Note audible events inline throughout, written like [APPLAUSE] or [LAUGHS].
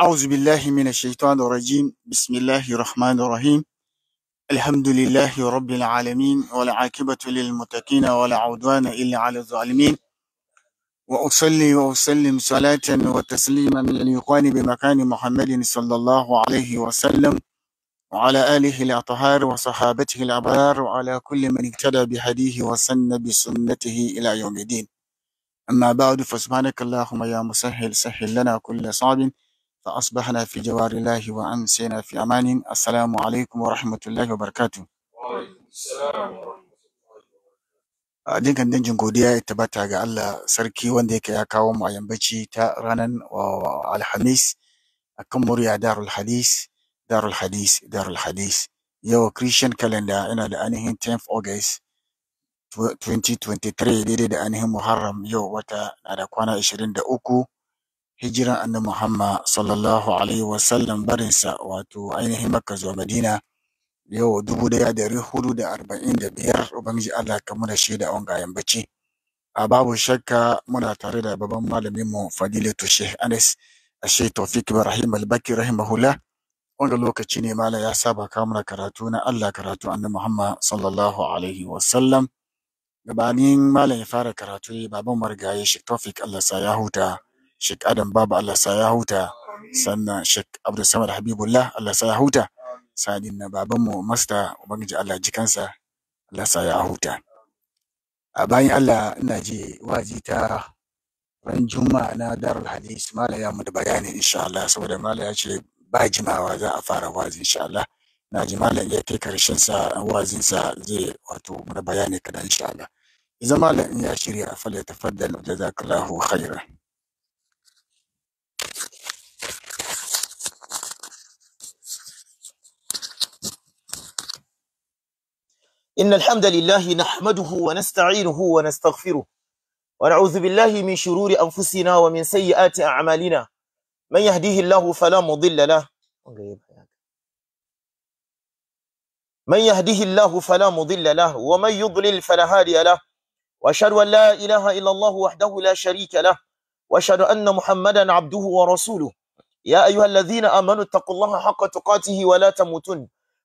أعوذ بالله من الشيطان الرجيم بسم الله الرحمن الرحيم الحمد لله رب العالمين والعاقبة للمتقين ولا عدوان إلا على الظالمين وأصلي وأسلم صلاة وتسليما لليقان بمكان محمد صلى الله عليه وسلم وعلى آله الأطهار وصحابته الأبرار وعلى كل من اهتدى بهديه وسن بسنته إلى يوم الدين أما بعد فسبحانك اللهم يا مسهل سهل لنا كل صعب فأصبحنا في جوار الله وأمسينا في أمان السلام عليكم ورحمة الله وبركاته Dinkan dangin godiya ya tabbata ga Allah sarki wanda yake ya kawo mu a yambaci ta ranar Alhamis akan murya Darul Hadis, Darul Hadis, Darul Hadis. Yau Christian calendar ina da ainihin 10th August 2023 daidai da ainihin Muharram yau wata na da kwana 23 hijiran annabi Muhammad sallallahu alaihi sallam barinsa wato ainihin Makka zuwa Madina yau dubu ɗaya da hudu da arba'in da biyar Ubangiji Allah ka mu da shi da wanga A babu shakka muna tare da babban malaminmu Fadilatu Sheikh Anas Ashe Tawfiq Ibrahim Albaki rahimahullah wanga lokaci ne mala ya saba kawo karatu na Allah karatu annabi Muhammad sallallahu alaihi sallam. Gabanin malam ya fara karatu baban marigayi Sheikh Tawfiq Allah sa ya huta. Sheikh Adam Baba Allah sa ya huta sannan Sheikh Abdul Samad Habibullah Allah sa ya huta sanin na babanmu Master Ubangiji Allah jikansa Allah sa ya huta a bayan Allah ina ji waji ta ran juma'a na darul hadis mala ya muda bayani insha Allah saboda mala ya ce ba jimawa za a fara wazi insha Allah na ji malam ya kai karshen sa wazin sa zai wato muda bayani kada insha Allah idan malam ya shirya fa la tafaddal jazakallahu khairan إن الحمد لله نحمده ونستعينه ونستغفره ونعوذ بالله من شرور أنفسنا ومن سيئات أعمالنا من يهديه الله فلا مضل له من يهديه الله فلا مضل له ومن يضلل فلا هادي له وأشهد أن لا إله إلا الله وحده لا شريك له وأشهد أن محمدا عبده ورسوله يا أيها الذين آمنوا اتقوا الله حق تقاته ولا تموتن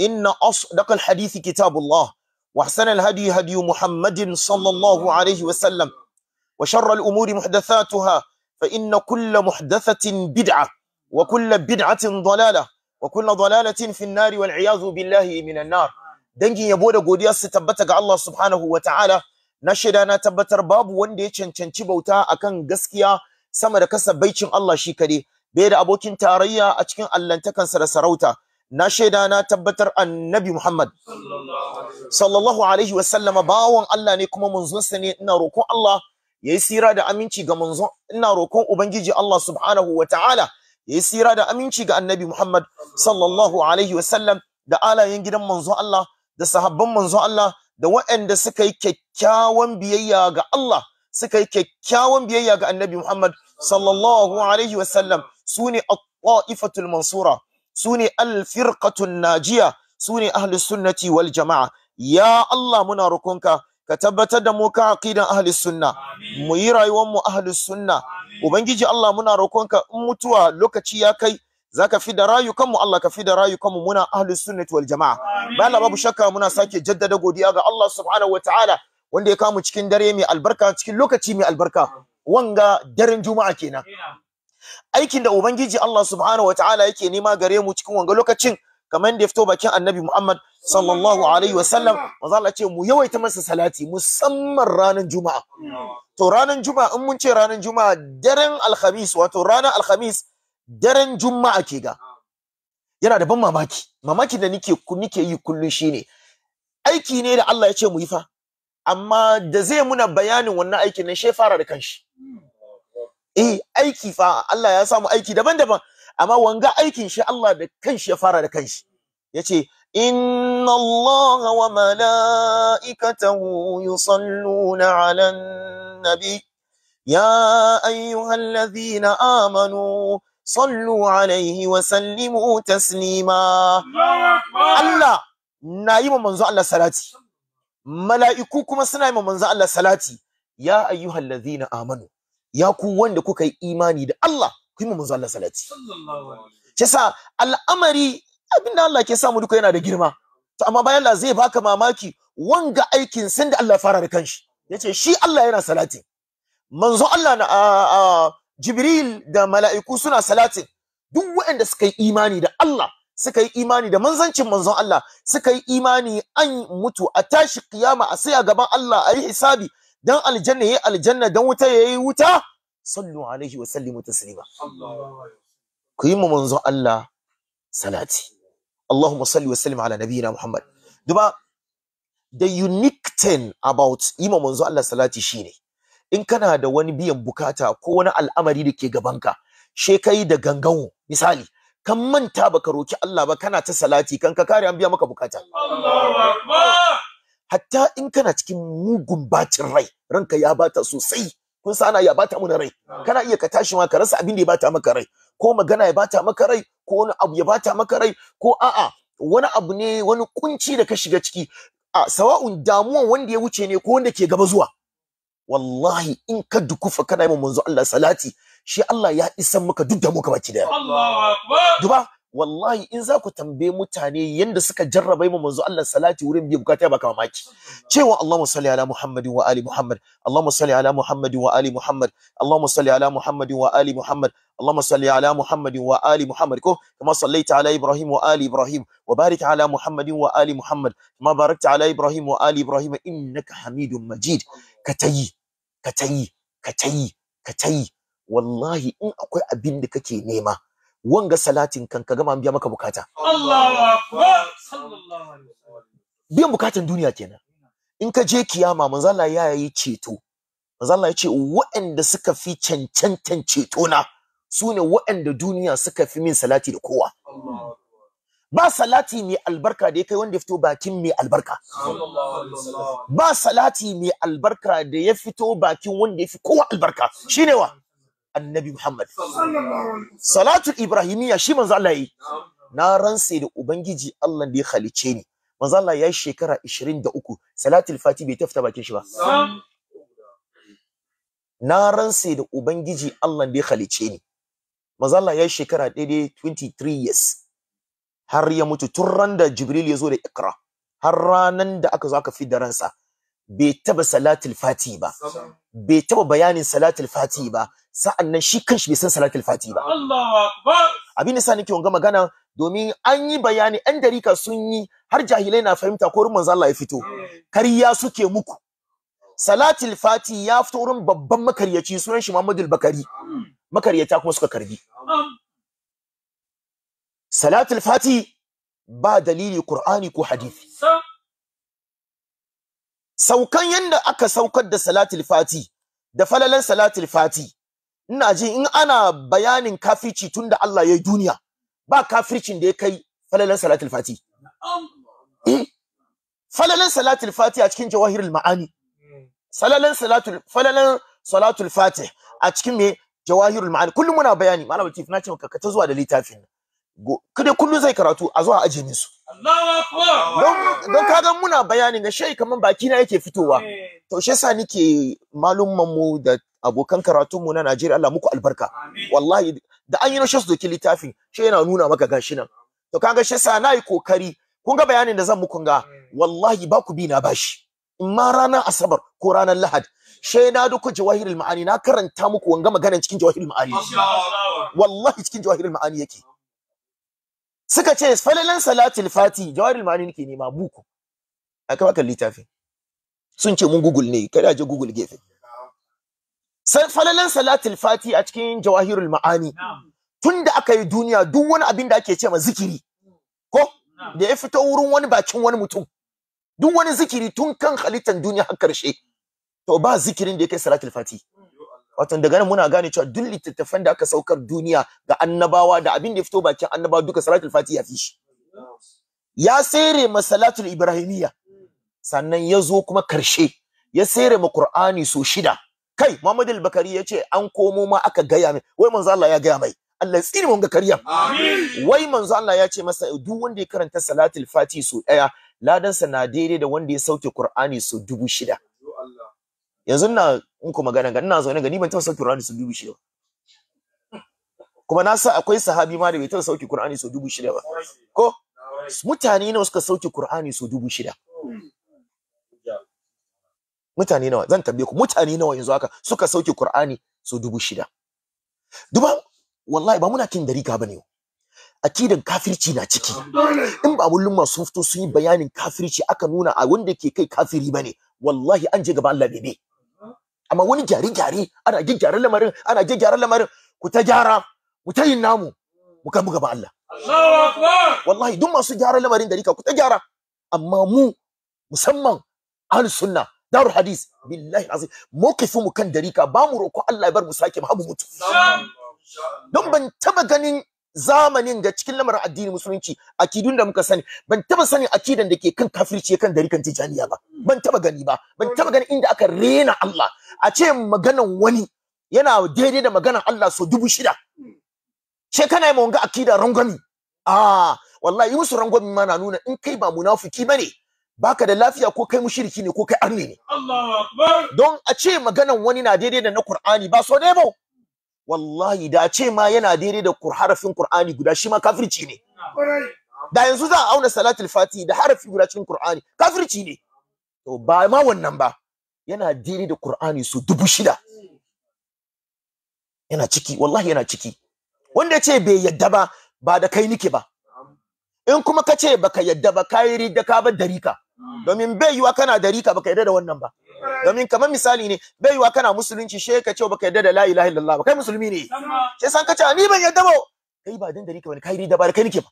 إن أصدق الحديث كتاب الله وأحسن الهدي هدي محمد صلى الله عليه وسلم وشر الأمور محدثاتها فإن كل محدثة بدعة وكل بدعة ضلالة وكل ضلالة في النار والعياذ بالله من النار dangin yabo da godiyar su tabbata ga Allah subhanahu wa ta'ala na shaida na tabbatar babu wanda ya cancanci bauta akan gaskiya sama da kasabaicin Allah shi kade bai da abokin tarayya a cikin allahntakansa da sarauta na shaida na tabbatar annabi Muhammad sallallahu alaihi wa sallama bawon Allah ne kuma munzunsa ne ina roƙon Allah yayi sira da aminci ga manzon ina roƙon ubangiji Allah subhanahu wa ta'ala yayi sira da aminci ga annabi Muhammad sallallahu alaihi wa sallam da alayen gidan manzon Allah da sahabban manzon Allah da waɗanda suka yi kyakkyawan biyayya ga Allah suka yi kyakkyawan biyayya ga annabi Muhammad sallallahu alaihi wa sallam sune at-ta'ifatul mansura Sune ne alfirqatun najiya Sune ne sunnati wal jama'a ya Allah muna rukunka ka tabbatar da mu ka aqidan ahlus sunna mu yi rayuwar mu ahli sunna ubangiji Allah muna rukunka in mutuwa lokaci ya kai zaka fi da rayukanmu Allah ka fi da rayukanmu muna ahli sunnati wal jama'a bala babu shakka muna sake jaddada godiya ga Allah subhanahu ta'ala wanda ya kamu cikin dare mai albarka cikin lokaci mai albarka wanga daren juma'a kenan aikin da ubangiji Allah subhanahu ta'ala yake nema gare mu cikin wanga lokacin kamar da ya fito bakin annabi Muhammad sallallahu alaihi sallam manzo Allah ce mu yawaita masa salati musamman ranar juma'a to ranar juma'a in mun ce ranar juma'a daren alhamis wato ranar alhamis daren juma'a ke ga yana da ban mamaki mamaki da nike nike yi kullun shine aiki ne da Allah ya ce mu yi fa amma da zai muna bayanin wannan aikin nan shi fara da kanshi eh aiki fa Allah ya samu aiki daban-daban amma wanga aikin shi Allah da kanshi ya fara da kanshi yace inna Allah wa mala'ikatahu yusalluna 'alan nabi ya ayyuhalladhina amanu sallu alaihi wa sallimu taslima Allah na yi ma manzo Allah salati mala'iku kuma suna yi ma manzo Allah salati ya ayyuhallazina amanu ya ku wanda kuka yi imani da Allah ku yi mu manzo Allah salati Kisa yasa al'amari abinda Allah ke samu duka yana da girma to amma bayan Allah zai baka mamaki wanga aikin sanda Allah fara da kanshi yace shi Allah yana salati manzo Allah na Jibril da mala'iku suna salatin duk waɗanda suka yi imani da Allah suka yi imani da manzancin manzon Allah suka yi imani an mutu a tashi kiyama a sai a gaban Allah a yi hisabi dan aljanna yayi aljanna dan wuta yayi wuta sallu alaihi wa sallimu taslima ku yi mu manzon Allah salati Allahumma salli wa sallim ala nabiyyina Muhammad duba the unique thing about yi mu manzon Allah salati shine in kana da wani biyan bukata ko wani al'amari da ke gabanka she kai da gangawo misali kan manta baka roki Allah ba kana ta salati kan ka kare an biya maka bukata Allahu akbar hatta in kana cikin mugun bacin rai ranka ya bata sosai kun sa ya bata mana rai kana iya ka tashi ma ka rasa abin da ya bata maka rai ko magana ya bata maka rai ko wani abu ya bata maka rai ko a'a wani abu ne wani kunci da ka shiga ciki a sawa'un damuwan wanda ya wuce ne ko wanda ke gaba zuwa wallahi in ka dukufa kana yi manzo Allah salati shi Allah ya isan maka duk da muka baki daya Allahu akbar duba wallahi in za ku tambaye mutane yanda suka jarrabai mu manzo Allah salati wurin biyan bukata ba ka maki. cewa Allahumma salli ala Muhammad wa ali Muhammad Allahumma salli ala Muhammad wa ali Muhammad Allahumma salli ala Muhammad wa ali Muhammad اللهم صل على محمد وآل محمد كما صليت على إبراهيم وآل إبراهيم وبارك على محمد وآل محمد كما باركت على إبراهيم وآل إبراهيم إنك حميد مجيد كتي كتي كتي كتي wallahi in akwai abin da kake nema wanga salatin kan ka gama an biya maka bukata biyan bukatan duniya kenan in ka je kiyama manzo Allah ya yi ceto manzo Allah ya ce waɗanda suka fi cancantan ceto na su ne waɗanda duniya suka fi min salati da kowa ba salati mai albarka da ya kai wanda ya fito bakin mai albarka ba salati mai albarka da ya fito bakin wanda ya fi kowa albarka Shi ne wa annabi Muhammad salatu ibrahimiyya shi manzo Allah yi na rantse da ubangiji Allah da ya halice ni manzo Allah ya shekara 23 salatul fati bai tafta bakin shi ba na rantse da ubangiji Allah da ya halice ni manzo Allah ya shekara daidai 23 years har ya mutu tun ran da Jibril ya zo da Iqra har ranan da aka zo aka fi da ransa bai taba salatul fati ba bai taba bayanin salatul fati ba sa'annan shi kanshi bai san salatul fati ba abin da sa nake wanga magana domin an yi bayani ɗan darika sun yi har jahilai na fahimta ko ruman Allah ya fito kariya suke muku salatul fati ya fito wurin babban makaryaci sunan shi Muhammadu Bakari makaryata kuma suka karbi salatul fati ba dalili qur'ani ko hadisi saukan yanda aka saukar da salatul fati da falalan salatul fati ina ji in ana bayanin kafirci tunda Allah ya yi duniya ba kafircin da ya kai falalan salatul fati eh, falalan salatul fati a cikin jawahirul ma'ani falalan salatul falalan salatul fati a cikin me jawahirul ma'ani kullum muna bayani malam latif na ce maka ka ta zuwa da littafin kada kullun zai karatu a zuwa aje su. don kaga muna bayanin ga shai kamar baki na yake fitowa eh. to shi yasa nike malumman mu da abokan karatun mu na Najeriya Allah muku albarka wallahi da an yi nashe su doki littafi shi yana nuna maka gashi nan to kaga shi yasa yi kokari kun ga bayanin da zan muku ga eh. wallahi ba ku bi na bashi in ma ranar asabar ko ranar lahad shi na duka jawahirul ma'ani na karanta muku wanga maganan cikin jawahirul ma'ani wallahi cikin jawahirul ma'ani yake suka ce falalan salatul fati jawaril mani nake nema buku aka maka littafin sun ce mun google ne kada je google gefe falalan salatul fati a cikin jawahirul ma'ani tunda aka yi duniya duk wani abin da ake ce ma zikiri ko da ya fito wurin wani bakin wani mutum duk wani zikiri tun kan halittar duniya har karshe to ba zikirin da ya kai salatul fati wato daga nan muna gane cewa duk littattafan da aka saukar duniya ga annabawa da abin da ya fito bakin annabawa duka salatul fatiha fi shi ya sere ma salatul ibrahimiyya sannan ya zo kuma karshe ya sere ma qur'ani so shida kai muhammad al-bakari ya ce an komo ma aka gaya mai wai manzo Allah ya gaya mai Allah tsiri mun ga kariya wai manzo Allah ya ce masa duk wanda ya karanta salatul fatiha so daya ladansa na daidai da wanda ya sauke qur'ani so dubu shida yanzu na in ku magana ga ina zaune ga ni ban taɓa sauke Qur'ani su dubu shida kuma na sa akwai sahabi ma da bai taɓa sauke Qur'ani su dubu shida ba ko mutane nawa suka sauke Qur'ani su dubu shida mutane nawa zan tambaye ku mutane nawa yanzu haka suka sauke Qur'ani su dubu shida duba wallahi ba muna kin dari ka bane akidan kafirci na ciki in ba mulumma sun fito sun yi bayanin kafirci aka nuna a wanda ke kai kafiri bane wallahi an je gaba Allah bebe amma wani gyare gyare ana gyaran lamarin ana gyaran lamarin ku ta gyara mu ta yin namu mu kai mu gaba Allah Allahu akbar wallahi duk masu gyara lamarin dari ku ta gyara amma mu musamman ahlus sunna darul hadis billahi azim mawkifin mu kan dari ka ba mu roƙo Allah ya bar mu sake mu habu mutu don ban taba ganin zamanin da cikin lamarin addinin musulunci akidun da muka sani ban taba sani akidan da ke kan kafirci kan dari kan tijaniya ba ban taba gani ba ban taba gani inda aka rena Allah a ce maganan wani yana daidai da maganan Allah so dubu shida ce kana yi wanga akida rangwami a ah, wallahi musu rangwami ma na nuna in kai ba munafiki ne baka da lafiya ko kai mushriki ne ko kai arne ne don a ce maganan wani na daidai da na Qur'ani ba so ne ba wallahi da ce ma yana daidai da harafin Qur'ani guda shi ma kafirci ne da yanzu za a auna salatul fatihi da harafi guda cikin Qur'ani kafirci ne to ba ma wannan ba yana daidai da Qur'ani su dubu shida yana ciki wallahi yana ciki wanda ya ce bai yadda ba ba da kai nike ba in kuma ka ce baka yadda ba kai ridda ka bar darika mm. domin bai yiwa kana darika baka yadda da wannan ba domin kamar misali ne baiwa kana musulunci she ka ce baka yadda da la ilaha illallah ba kai musulmi ne she san ka ce ni ban yadda ba kai ba dandari ka bane kai da ba kai nake ba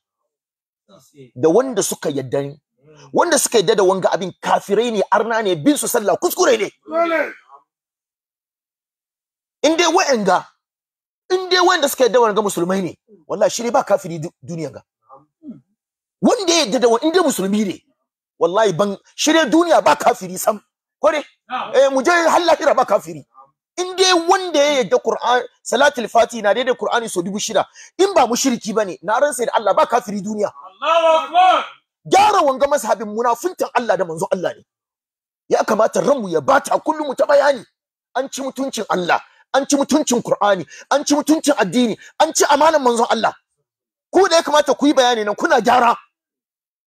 da wanda suka yadda ni wanda suka yadda da wanga abin kafirai ne arna ne bin su sallah kuskure ne in dai wa'anga in dai da suka yadda wanga musulmai ne wallahi shi ne ba kafiri duniya ga wanda ya yadda da wanda musulmi ne wallahi ban shirye duniya ba kafiri sam ko ne eh mu je har raba kafiri in dai wanda ya yadda Qur'an salatul fati na daidai Qur'ani so dubu shida in ba mushriki bane na ran sai da Allah ba kafiri duniya Allahu akbar gyara wanga mazhabin munafuntan Allah da manzo Allah ne ya kamata ranmu ya bata kullum ta bayani an ci mutuncin Allah an ci mutuncin Qur'ani an ci mutuncin addini an ci amanan manzo Allah ku da ya kamata ku yi bayani nan kuna gyara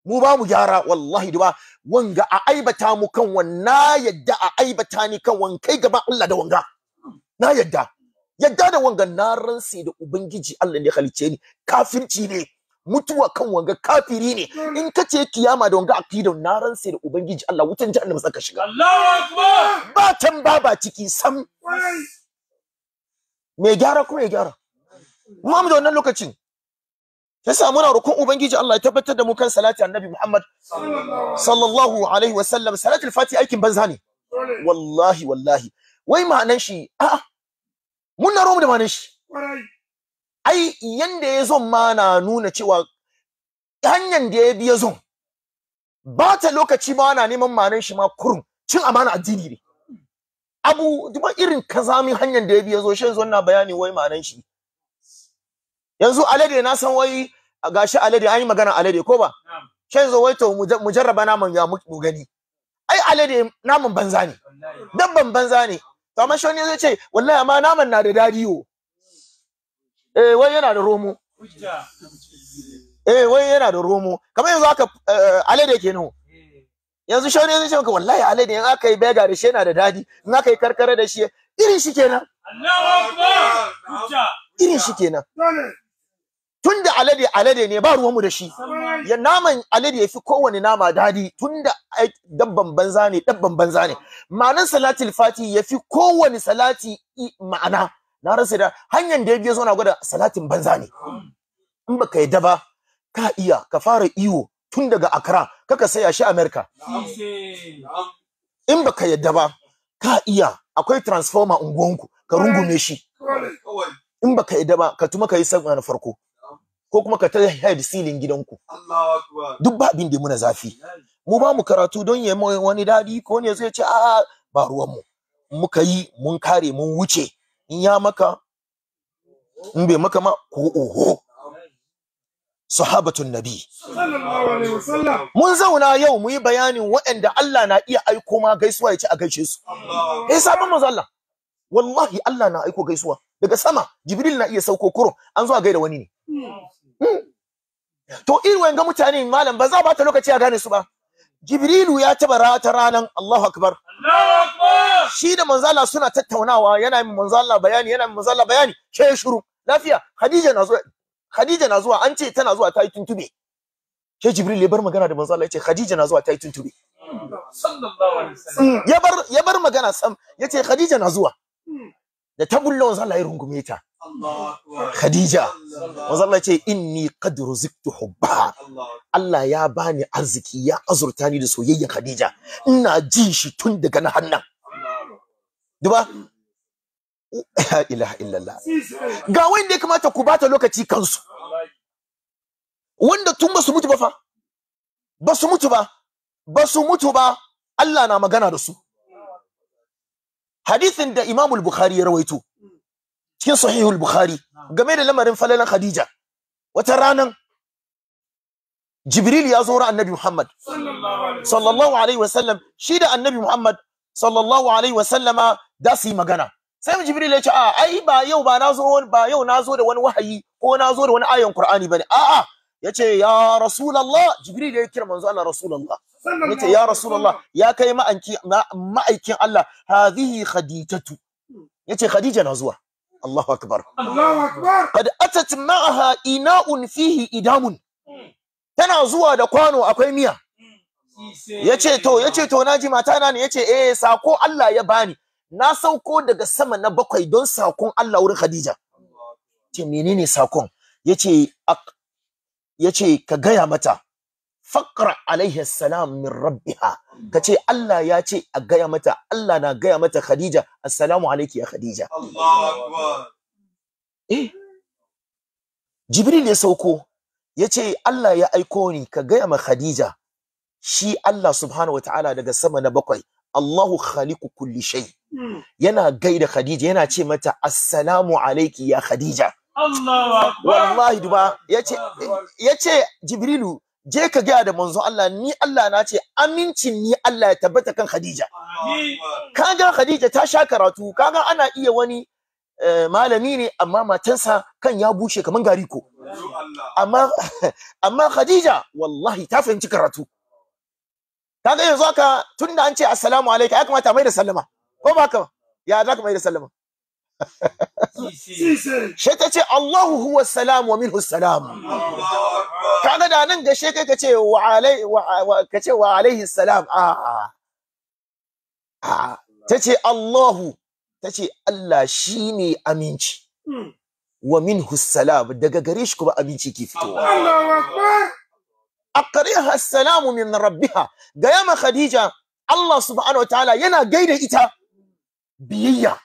mu ba mu gyara wallahi duba wanga a aibata mu kan wanna yadda a aibata ni kan wankai gaba Allah da wanga na yadda yadda da wanga na ransi da ubangiji Allah ne halice ni kafirci ne mutuwa kan wanga kafiri ne hmm. in ka ce kiyama da wanga akidan na ransi da ubangiji Allah wutan jahannam saka shiga Allahu akbar ba can baba ciki sam me gyara ko ya gyara da wannan lokacin yasa muna roƙon ubangiji Allah ya tabbatar da mu kan salati annabi Muhammad sallallahu alaihi wa sallam al fati aikin banza ne wallahi wallahi wai ma'anan shi a'a mun na romu da ma'anan shi ai yanda ya ma na nuna cewa hanyar da ya bi yazo ba ta lokaci ma ana neman ma'anan shi ma kurun. cin amana addini ne abu duk irin kazamin hanyar da ya bi shin zo shi bayani wai ma'anan shi yanzu alade na san wai gashi alade an yi magana alade ko ba shan zo wai to mu jarraba naman ya mu gani ai alade naman banza ne dabban banza ne to amma shoni zai ce wallahi amma naman na da dadi eh wai yana da romo eh wai yana da romo kamar yanzu aka eh, alade kenan eh. yanzu shoni zai ce maka wallahi alade in aka yi bega da shi yana da dadi in aka yi karkara da shi irin shi kenan Allahu akbar irin shi kenan tunda alade alade ne ba ruwanmu da shi ya naman alade yafi kowane nama dadi tunda dabban banza ne dabban banza ne ma'anan salatul fati yafi kowane salati ma'ana na rasa da hanyar da ya yaje na gwada salatin banza ne in baka yadda ba ka iya ka fara iwo tun daga Akra kaka saya shi America in baka yadda ba ka iya akwai transformer unguwanku ka rungume shi in baka yadda ba ka tuma ka yi sabon na farko ko kuma ka ta head ceiling gidanku duk ba abin da muna zafi mu ba mu karatu don ya wani dadi ko ne zai ce a'a ba ruwan mu muka yi mun kare mun wuce in ya maka in bai maka ma ko oho sahabatun nabi mun zauna yau mu yi bayanin waɗanda Allah na iya aiko ma gaisuwa ya ci a gaishe su eh sabon manzo Allah wallahi Allah na aiko gaisuwa daga sama Jibril na iya sauko kurum an zo a gaida wani ne hmm. to irin ga mutane malam ba za ba ta lokaci a gane su ba jibrilu ya taba rata ranan Allahu akbar Allahu akbar shi da manzala suna tattaunawa yana min manzala bayani yana min manzala bayani ke shiru lafiya khadija na zuwa khadija na zuwa an ce tana zuwa ta yi tuntube ke Jibrilu ya bar magana da manzala ya ce khadija na zuwa ta yi tuntube mm, ya bar ya bar magana sam ya ce khadija na zuwa da tagulla wanzan Allah ya rungume ta Khadija wanzan Allah ce inni qad ruziktu hubba Allah ya bani arziki ya azurta ni da soyayya Khadija ina ji shi tun daga na hannan duba la ilaha illallah ga wanda ya kamata ku bata lokaci kansu wanda tun ba mutu ba fa ba mutu ba ba mutu ba Allah na magana da su hadisin da Imam al-Bukhari ya rawaito cikin Sahihul Bukhari game da lamarin falalan Khadija wata ranan Jibril ya zo ran Annabi Muhammad sallallahu alaihi wasallam shi da Annabi Muhammad sallallahu alaihi wasallama da su magana sai Jibril ya ce a ai ba yau ba nazo ba yau nazo da wani wahayi ko nazo da wani ayan Qur'ani bane a'a yace ya Rasulullah Jibril ya kira manzo Allah Rasulullah nace ya rasulullah ya kai ma'aikin Allah hadhihi khadijatu yace khadija na zuwa Allahu akbar Allahu akbar qad atat ma'aha ina'un fihi idamun tana zuwa da kwano akwai miya yace to yace to naji mata na ne yace eh sako Allah ya bani na sauko daga sama na bakwai don sakon Allah wurin Khadija ce menene sakon yace yace ka gaya mata fakra alaihi salam min rabbiha kace Allah ya ce a gaya mata Allah na gaya mata Khadija assalamu alayki ya Khadija Allahu akbar eh Jibril ya sauko yace Allah ya aiko ni ka gaya ma Khadija shi Allah subhanahu wataala daga sama na bakwai Allahu khaliqu kulli shay hmm. yana gaida Khadija yana ce mata assalamu alayki ya Khadija Allahu akbar wallahi duba yace yace Jibrilu je ka gaya da manzo Allah ni Allah na ce amincin ni Allah ya tabbata kan Khadija kaga Khadija ta sha karatu kaga ana iya wani eh, malami ne amma matansa kan ya bushe kaman ko amma [LAUGHS] amma Khadija wallahi ta fahimci karatu kaga yanzu haka tunda an ce assalamu alaikum ya kamata mai da sallama ko ba ka ya za ka mai da sallama [LAUGHS] shi ta ce Allahu huwa salam wa minhu salam kaga da nan gashe kai ka ce wa alai wa alaihi salam a a ta ce Allahu ta ce Allah shine aminci hmm. wa minhu salam daga gare shi kuma aminci ke fitowa Allahu akbar aqriha salam min rabbiha ga ma khadija Allah subhanahu wa ta'ala yana gaida ita biyayya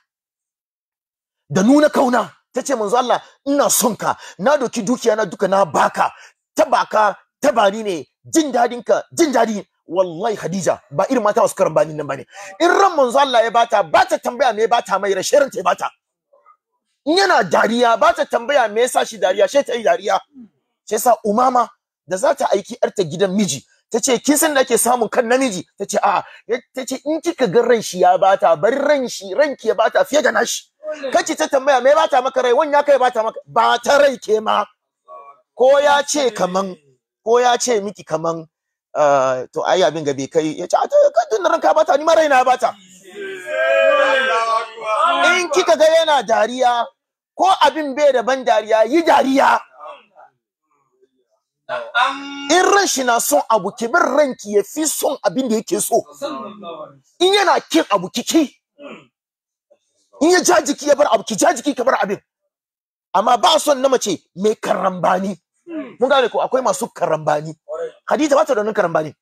da nuna kauna ta ce manzo Allah ina son ka na doki dukiya na duka na baka ta baka ta bani ne jin dadin ka jin dadi wallahi Khadija ba irin mata wasu karban nan bane in ran manzo Allah ya bata bata tambaya me bata mai rashin ta bata in yana dariya bata tambaya me yasa shi dariya sai ta yi dariya sai sa umama da za ta aiki yarta gidan miji ta ce kin san da ake samun kan namiji ta ce a'a ta ce in kika ga ran shi ya bata bari ran shi ranki ya bata fiye da nashi kace ta tambaya me bata maka rai wani ya kai bata maka ba ta rai ke ma ko ya ce kaman ko ya ce miki kaman eh, to ai abin ga bai kai ya ce to kadin ranka bata ni ma raina bata in kika ga yana dariya ko abin bai da ban dariya yi dariya in ran shi na son abu ki bin ranki ya fi son abin da yake so in yana kin abu kiki in ya ja jiki ya bar abu ki ja jiki ka bar abin amma ba son na mace mai karambani mun gane ko akwai masu karambani Khadija ba ta da nan karambani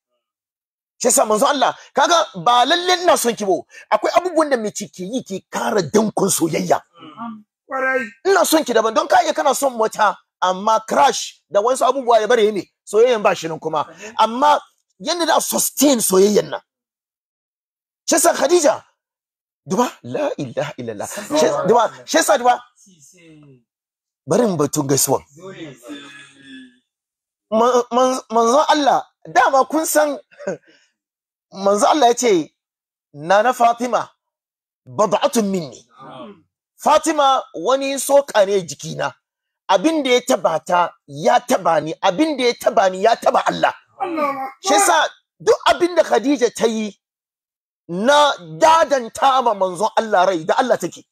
shi sa manzo Allah kaga ba lalle ina son ki bo akwai abubuwan da mace ke yi ke kara dankon soyayya ina son ki daban don ka iya kana son mota amma crash da wasu abubuwa ya bare ne soyayyan ba shi nan kuma amma yanda da sustain soyayyan nan shi yasa Khadija duba la ilaha illallah duba shi yasa duba barin batun gaisuwan manzo Allah dama kun san manzon Allah ya ce na na Fatima bad'atun minni Fatima wani soka ne jikina abin da ya taba ya taba ni abin da ya taba ni ya taba Allah shi yasa duk abin da Khadija ta yi na dadanta ma manzon Allah rai da Allah take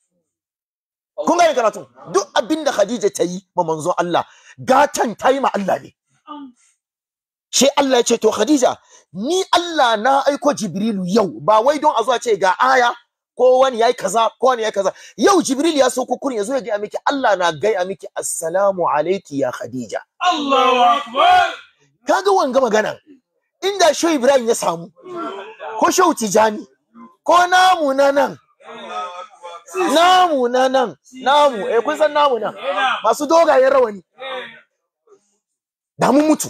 kun gane karatu duk abin da Khadija ta yi ma manzon Allah gatan ta yi ma Allah ne she Allah ya ce to Khadija ni Allah na aiko Jibril yau ba wai don a zo ce ga aya ko wani yayi kaza ko wani yayi kaza yau Jibril ya so sauko ya zo ya ga miki Allah na gaya miki assalamu alayki ya Khadija Allahu akbar kaga wanga maganan inda Shehu Ibrahim ya samu ko shau tijani ko namu na nan namu na nan namu eh kun san namu nan masu dogayen rawani da mutu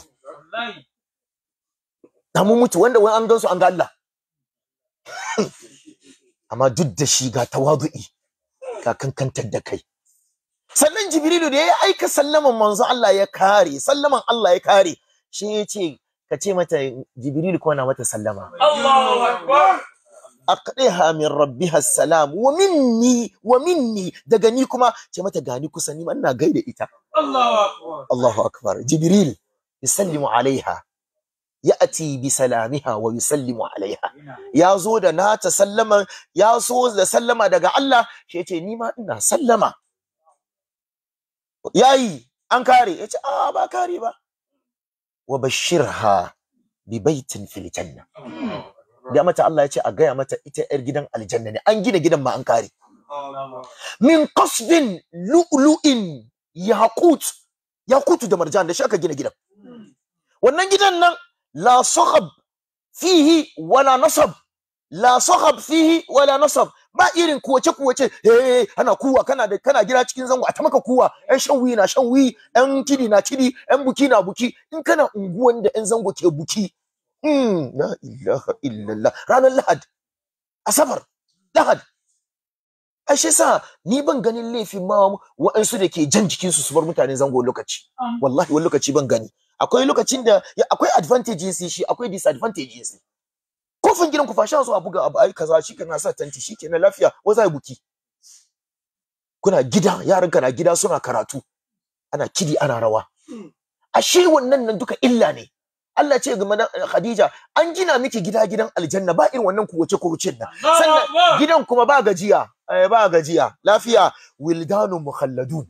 da mutu wanda wani an gansu an ga Allah [LAUGHS] amma duk da shi ga tawadu'i ka kankantar da kai sannan jibrilu da ya aika sallaman manzo Allah ya kare sallaman Allah ya kare shi ya ce ka ce mata jibril ko na mata sallama Allahu akbar aqriha min rabbiha salam wa minni wa minni daga ni kuma ce mata gani kusa ni ina gaida ita Allahu akbar Allahu akbar jibril yusallimu alaiha ya'ti bi salamiha wa yusallimu alaiha ya zo da na ta sallama ya zo da sallama daga Allah shi yace ni ma ina sallama yayi an kare yace a ah, ba kare ba wa bashirha bi baitin janna da mata Allah ya ce a gaya mata ita yar gidan aljanna ne an gina gidan ma an kare min kasbin lu'lu'in ya kutu da marjan da shi aka gina gidan wannan gidan nan la saghab fihi wala nasab la sahab fihi wala nasab ba irin kuwace kuwace eh ana kuwa kana da kana gida cikin zango a ta maka kuwa ɗan shanwi na shanwi ɗan kidi na kidi ɗan buki na buki in kana unguwan da ɗan zango ke buki hmm la ilaha illallah ranar lahad asabar lahad ashe sa ni ban ganin laifin ma wa'ansu da ke jan jikin su bar mutane zango lokaci ah. wallahi wani lokaci ban gani akwai lokacin da akwai advantages shi akwai disadvantages kofin gidan ku fashin su a buga abu ai kaza shi kana sa tanti shi kenan lafiya wa zai buki kuna gida yaran kana gida suna karatu ana kidi ana rawa ashe wannan nan duka illa ne Allah ce ga eh, Khadija an gina miki gida gidan aljanna ba irin wannan ku wace nan sannan gidan kuma ba gajiya eh ba gajiya lafiya wildanu mukhalladun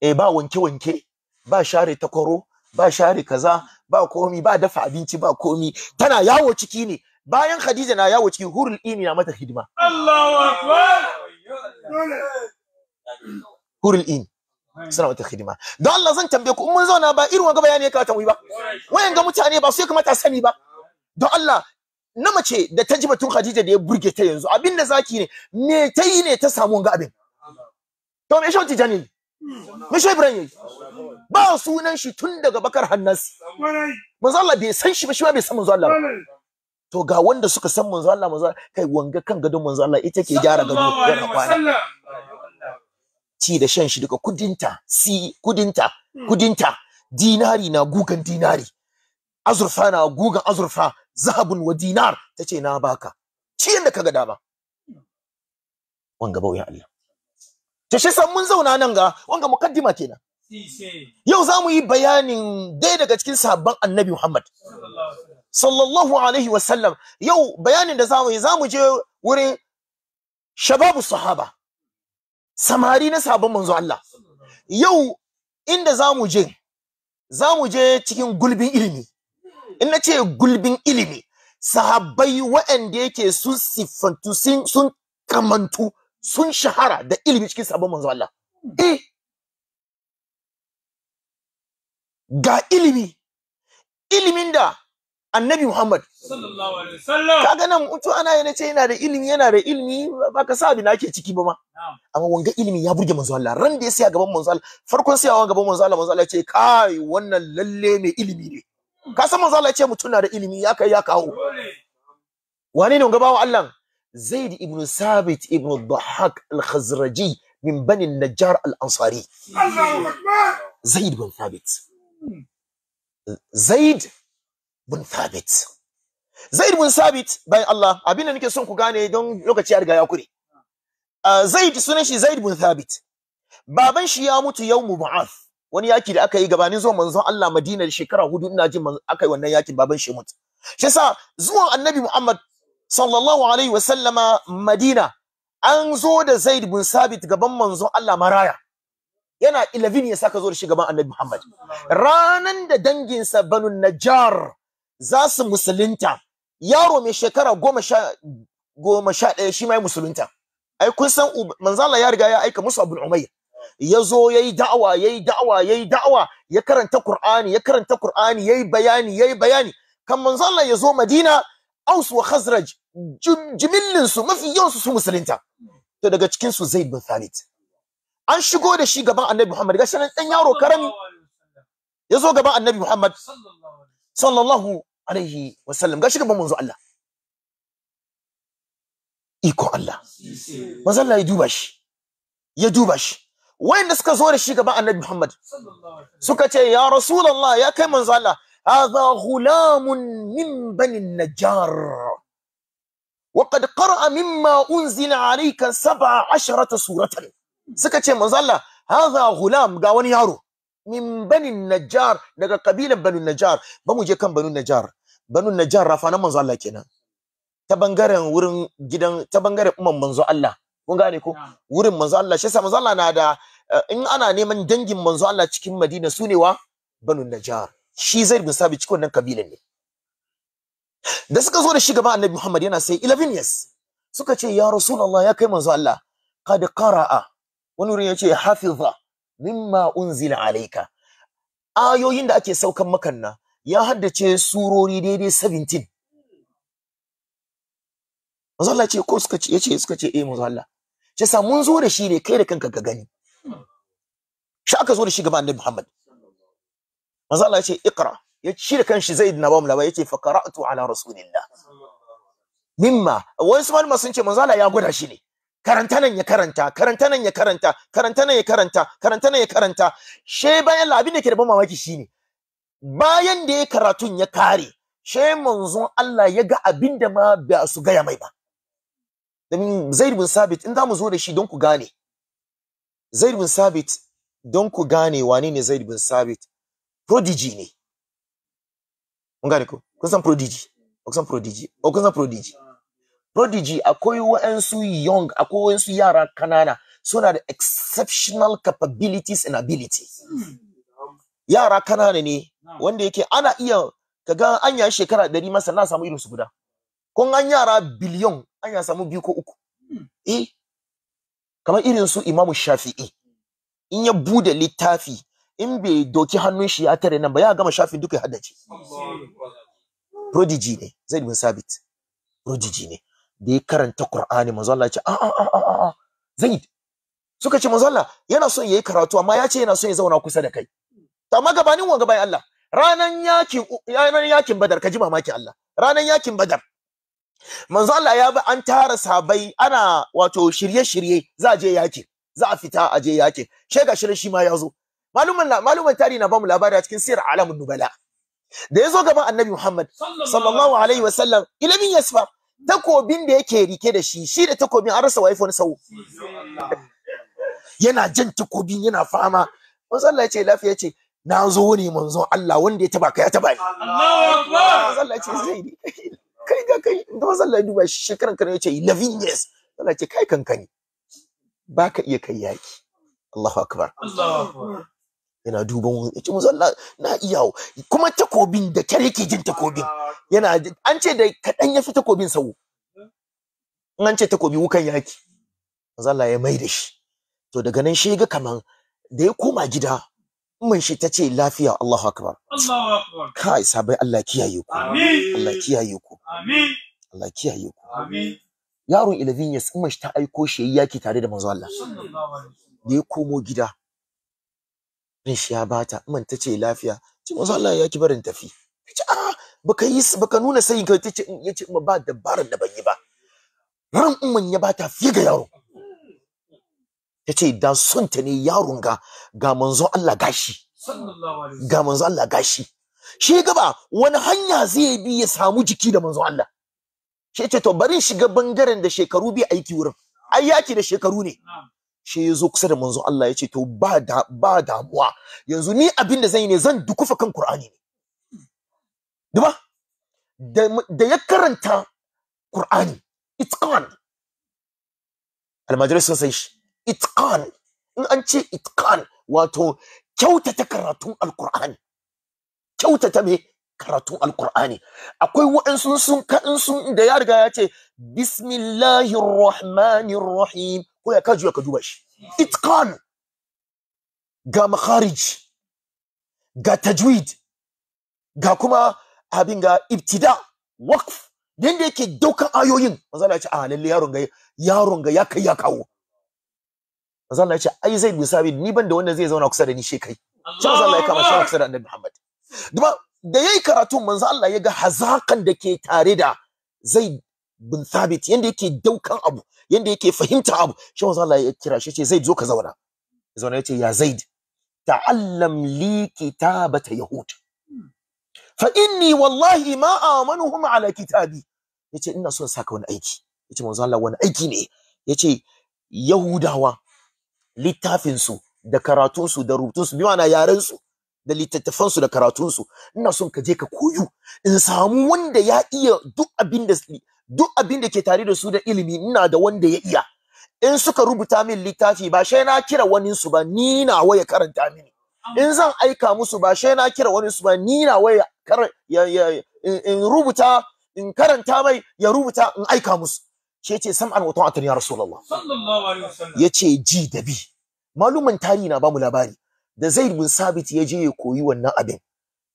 eh ba wanke wanke ba share takwaro ba share kaza ba komi ba dafa abinci ba komi tana yawo ciki ne bayan Khadija na yawo ciki hurul ini na mata hidima Allahu akbar hurul ini suna mata hidima don Allah zan tambaye ku mun zauna ba irin wanga bayani ya kamata ta yi ba wayan ga mutane ba su ya kamata sani ba don Allah na mace da ta ji batun Khadija da ya burge ta yanzu abin da zaki ne me ta yi ne ta samu wanga abin to me shawti jani mun shi Ibrahim yayi ba sunan shi tun daga bakar Hannasi. manzo Allah bai san shi ba shi ma bai san manzo Allah to ga wanda suka san manzo Allah manzo kai wanga kan gadon manzo Allah ita ke gyara gado da kwana ci da shan shi duka kudinta si kudinta hmm. kudinta dinari na gugan dinari azurfa na gugan azurfa zahabun wa dinar tace na baka ci yanda kaga dama wanga ya Allah to shi san mun zauna nan ga wanga mukaddima kenan yau za mu yi bayanin dai daga cikin sahabban annabi Muhammad sallallahu alaihi wa sallam yau bayanin da za mu yi za mu je wurin shababu sahaba samari na sabon manzo Allah yau inda za mu je za mu je cikin gulbin ilimi in na ce gulbin ilimi sahabbai waɗanda yake sun siffantu sun kamantu sun shahara da ilimi cikin sabon manzo Allah eh ga ilimi ilimin da annabi Muhammad sallallahu alaihi wasallam kaga nan mutu ana yana ce yana da ilimi yana da ilimi baka sa abin ake ciki ba ma amma wanga ilimi ya burge manzo Allah ran da ya siya gaban manzo Allah farkon siyawa gaban manzo Allah manzo Allah ce kai wannan lalle ne ilimi ne ka san manzo Allah ce mutum na da ilimi ya kai ya kawo wane ne wanga bawo Allah zaid ibn sabit ibn dhahak al-khazraji min bani najjar al-ansari zaid bin sabit zaid bin sabit zaid bin sabit bayan Allah abin da nake son ku gane don lokaci ya riga ya kure ah, zaid sunan shi zaid bin sabit baban shi ya mutu yawmu ba'ath wani yaki da aka yi gabanin zuwan manzon Allah Madina shekara hudu ina jin aka yi wannan yakin baban shi mutu shi zuwan Annabi Muhammad sallallahu alaihi wa sallama Madina an zo da Zaid bin Sabit gaban manzon Allah maraya yana 11 ya saka zo da shi gaban Annabi Muhammad ranan da danginsa Banu Najjar za su musulunta yaro mai shekara goma sha goma ɗaya shi ma ya musulunta ai kun san manzala ya riga ya aika musu abin umayya ya zo ya yi da'awa ya yi da'awa ya yi da'awa ya karanta qur'ani ya karanta qur'ani ya yi bayani ya yi bayani kan manzala ya zo madina aus wa khazraj jimillin su mafi yawan su musulunta to daga cikin su zaid bin thabit an shigo da shi gaban annabi muhammad gashi nan dan yaro karami yazo gaban annabi muhammad sallallahu alaihi wa wasallam gashi gaban manzo Allah iko Allah manzo Allah ya duba shi ya duba shi wayanda suka zo da shi gaban annabi muhammad suka ce ya rasulullah ya kai manzo Allah هذا غلام من بني النجار وقد قرأ مما أنزل عليك سبع عشرة سورة سكتش مزالة هذا غلام قاوني يارو من بني النجار دقا قبيلة بني النجار بمو جي كان بني النجار بني النجار رافانا مزالة كنا تبنغارن ورن جدن تبنغارن أمم منزو الله kun gane ko wurin manzo Allah shi yasa manzo Allah na da in ana neman dangin manzo Allah cikin Madina shi zai bin Sabit cikin wannan kabilan ne da suka zo da shi gaba Annabi Muhammad yana sai 11 years suka ce ya Rasulullah ya kai manzo Allah qad qara'a wani wurin yace hafiza mimma unzila alayka ayoyin da ake saukan makan nan ya haddace surori daidai 17 manzo Allah ce ko suka ce yace suka ce eh manzo Allah ce sa mun zo da shi ne kai da kanka ka gani shi aka zo da shi gaba Annabi Muhammad manzo Allah ya ce iqra ya ci da kanshi zaid na bamu ya yace fa qara'tu ala rasulillah mimma su malama sun ce manzo Allah ya gwada shi ne karanta nan ya karanta karanta nan ya karanta karanta nan ya karanta karanta nan ya karanta she bayan abin da ke da ban mamaki shine bayan da ya karatun ya kare she manzo Allah ya ga abin da ma ba su gaya mai ba domin Zaid bin Sabit in zamu zo da shi don ku gane Zaid bin Sabit don ku gane wane ne Zaid bin Sabit prodigy ne kun gane ko kun san prodigy kun san prodigy o oh, kun san prodigy prodigy akwai wa'ansu young akwai wa'ansu yara kanana suna da exceptional capabilities and ability yara kanana ne wanda yake ana iya kaga an yi shekara dari masa na samu irin su guda kun an yara biliyon an ya samu biyu ko uku eh kamar irin su imamu shafi'i in ya bude littafi in bai doki hannun shi ya tare nan ba ya gama shafin duka ya ce. prodigy ne zai bin sabit prodigy ne da ya karanta qur'ani manzo Allah ya ce a a a a Zaid. suka ce manzo Allah yana son yayi karatu amma ya ce yana son ya zauna kusa da kai to amma gabanin wanga bayan Allah ranan yakin ranan yakin badar ka ji mamaki Allah ranan yakin badar manzo Allah ya bi an tara sabai ana wato shirye-shirye za a je yaki za a fita a je yaki shega shirin shi ma ya zo maluman maluman tari na bamu labari a cikin sirr alamun nubala da yazo gaban annabi Muhammad sallallahu alaihi wasallam ilimin yasfa takobin da yake rike da shi shi da takobin an rasa wife wani sau yana jan takobin yana fama manzo Allah ya ce lafiya ce na zo ne manzo Allah wanda ya taba ka ya taba ni Allahu akbar manzo Allah ya ce zai ne kai ga kai da manzo Allah ya duba shi shekaran kan ya ce 11 years Allah ya ce kai kanka ne baka iya kai yaki Allahu akbar Allahu akbar yana duban ya ce musu Allah na iya kuma takobin da kyar yake jin takobin yana an ce da kaɗan ya fi takobin sau in an ce takobi wukan yaki manzo Allah ya mai da shi to daga nan shi ga kaman da ya koma gida mun shi ta ce lafiya Allahu akbar Allahu akbar kai sabai Allah kiyaye ku amin Allah kiyaye ku amin Allah kiyaye ku amin yaron 11 years mun shi ta aiko shi yaki tare da manzo Allah da ya komo gida ran shi ya bata man ta lafiya ce manzo Allah ya ki barin tafi ce a baka yi baka nuna sai ka tace mm, yace ba dabarar da ban yi ba ran umman ya bata fiye ga yaro tace da son ta ne yaron ga ga manzo Allah gashi ga manzo Allah gashi shi gaba wani hanya zai bi ya samu jiki da manzo Allah shi ce to bari shiga bangaren da shekaru bi aiki wurin ai yaki da shekaru ne shi ya zo kusa da manzo, Allah ya ce to ba da ba damuwa yanzu ni abin da zan yi ne zan dukufa kan Qur'ani ne da ya karanta Qur'ani itqan almajirai sun san shi itqan in an ce itqan wato kyautata karatun alqur'ani kyautata me karatun alqur'ani akwai waɗansu sun ka sun da ya riga ya ce bismillahir rahmanir rahim ko ya ka juya ka duba shi itqan ga makharij ga tajwid ga kuma abin ga ibtida waqf din da yake daukan ayoyin manzo Allah ya ce a ah, lalle yaron ga yaron ga ya kai ya kawo manzo Allah ya ce ai zai bisabi ni ban da wanda zai zauna kusa da ni she kai shi manzo Allah ya kama shi kusa da Annabi Muhammad duba da yayi karatu manzo Allah ya ga hazakan da ke tare da zai bin sabit yanda yake daukan abu yanda yake fahimta abu shi manzo Allah ya kira shi ce Zaid zo ka zauna zauna yace ya Zaid ta'allam li kitabata yahud fa inni wallahi ma amanuhum ala kitabi yace ina son saka wani aiki yace manzo Allah wani aiki ne yace yahudawa littafin su da karatun su da rubutun su bi ma'ana su da littattafan su da karatun su ina son ka je ka koyu in samu wanda ya iya duk abin da duk abin da ke tare da su da ilimi ina da wanda ya iya in suka rubuta min littafi ba shai na kira wani su ba ni na waya karanta mini in zan aika musu ba shai na kira wani su ba ni na waya in rubuta in karanta mai ya rubuta in aika musu shi yace sam'an wa ta'atan ya rasulullah sallallahu alaihi wasallam yace ji da bi malumin tarihi na bamu labari da Zaid bin Sabit ya je ya koyi wannan abin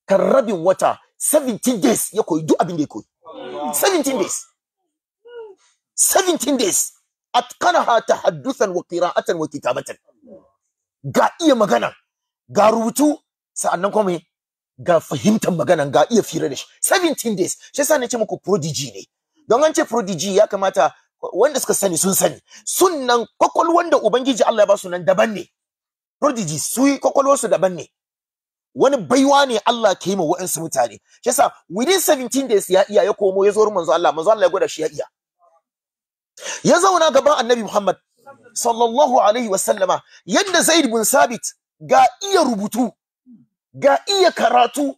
kan rabin wata 17 days ya koyi duk abin da ya koyi 17 days 17 days at atqanaha tahaddusan wa qira'atan wa kitabatan ga iya magana ga rubutu sa'annan kuma ga fahimtar magana ga iya fira da shi 17 days shi yasa nace muku prodigy ne don an ce prodigy ya kamata wanda suka sani sun sani sunnan kwakwalwan da ubangiji Allah ya ba su nan daban ne prodigy su su daban ne wani baiwa ne Allah ke yi ma wa'ansu mutane shi yasa within 17 days ya iya ya komo ya zo manzo Allah manzo Allah ya gwada shi ya iya ya zauna gaban annabi Muhammad sallallahu alaihi wasallama yadda Zaid bin Sabit ga iya rubutu ga iya karatu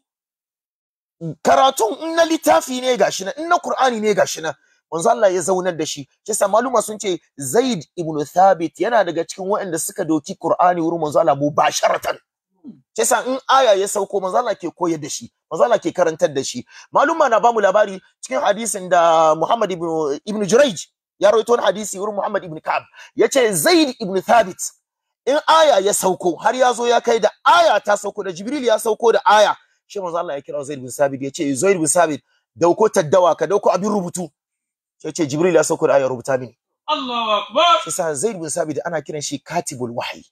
karatun in na littafi ne gashi na in na Qur'ani ne gashi na manzo Allah ya zaunar da shi shi sa maluma sun ce Zaid ibn Sabit yana daga cikin waɗanda suka doki Qur'ani wurin manzo Allah mubasharatan shi sa in aya ya sauko manzo Allah ke koyar da shi manzo Allah ke karantar da shi maluma na bamu labari cikin hadisin da Muhammad ibn ibn ya rawaito wani hadisi wurin Muhammad ibn Ka'ab yace Zaid ibn Thabit in aya ya sauko har ya zo ya kai da aya ta sauko da Jibril ya sauko da aya shi manzo Allah ya kira Zaid ibn Thabit yace Zaid ibn Thabit dauko taddawa ka dauko abin rubutu yace Jibril ya sauko da aya rubuta mini Allahu akbar sai sa Zaid ibn Thabit ana kiran shi katibul wahyi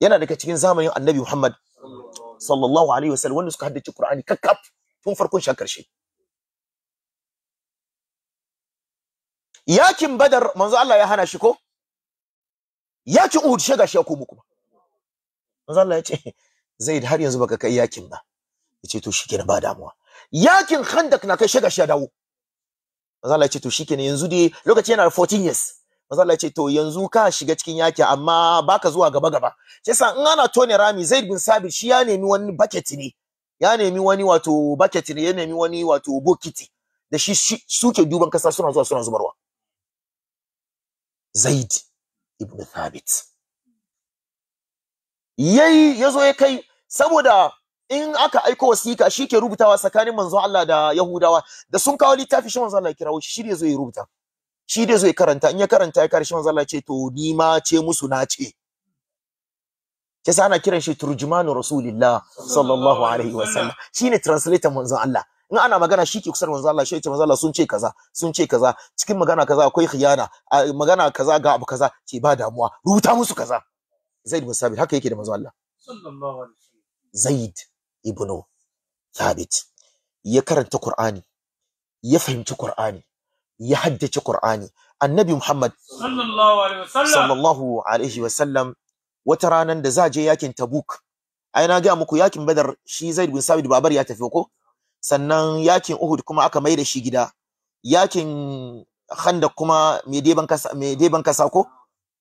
yana daga cikin zamanin Annabi Muhammad sallallahu alaihi wasallam wanda suka haddace Qur'ani kakkaf tun farkon shi karshe yakin badar manzo Allah ya hana shi ko yakin uhud shi ku muku manzo Allah ya ce [LAUGHS] zaid har yanzu baka kai yakin ba yace to shikenan ba damuwa yakin khandak na kai shi ya dawo manzo Allah ya ce to shikenan yanzu dai lokaci yana 14 years manzo Allah ya ce to yanzu ka shiga cikin yaki amma baka zuwa gaba gaba sai san in ana tone rami zaid bin sabit shi ya nemi wani bucket ne ya nemi wani wato bucket ne ya nemi wani wato bokiti da shi suke duban kasa suna zuwa suna zubarwa zaid ibn thabit yayi yazo ya kai saboda in aka aika wasika shi ke rubutawa tsakanin manzo Allah da Yahudawa da sun kawo littafi shi manzo Allah ya kirawo shi ne zo ya rubuta shi dai zo ya karanta in ya karanta ya kare shi manzo Allah ce to ni ma ce musu na ce ke ana kiran shi turjumanu rasulillah sallallahu alaihi wasallam shine translator manzo Allah in ana magana shi ke kusa da manzo Allah shi ce manzo Allah sun ce kaza sun ce kaza cikin magana kaza akwai khiyana magana kaza ga abu kaza ce ba damuwa rubuta musu kaza Zaid bin Sabit haka yake da manzo Allah Zaid ibn Sabit ya karanta Qur'ani ya fahimci Qur'ani ya haddace Qur'ani annabi Muhammad sallallahu alaihi wa sallam. wata ranan da za je yakin Tabuk ai na ga muku yakin Badar shi Zaid bin Sabit babar ya tafi ko sannan yakin Uhud kuma aka mai da shi gida yakin handa kuma mai deban kasa ko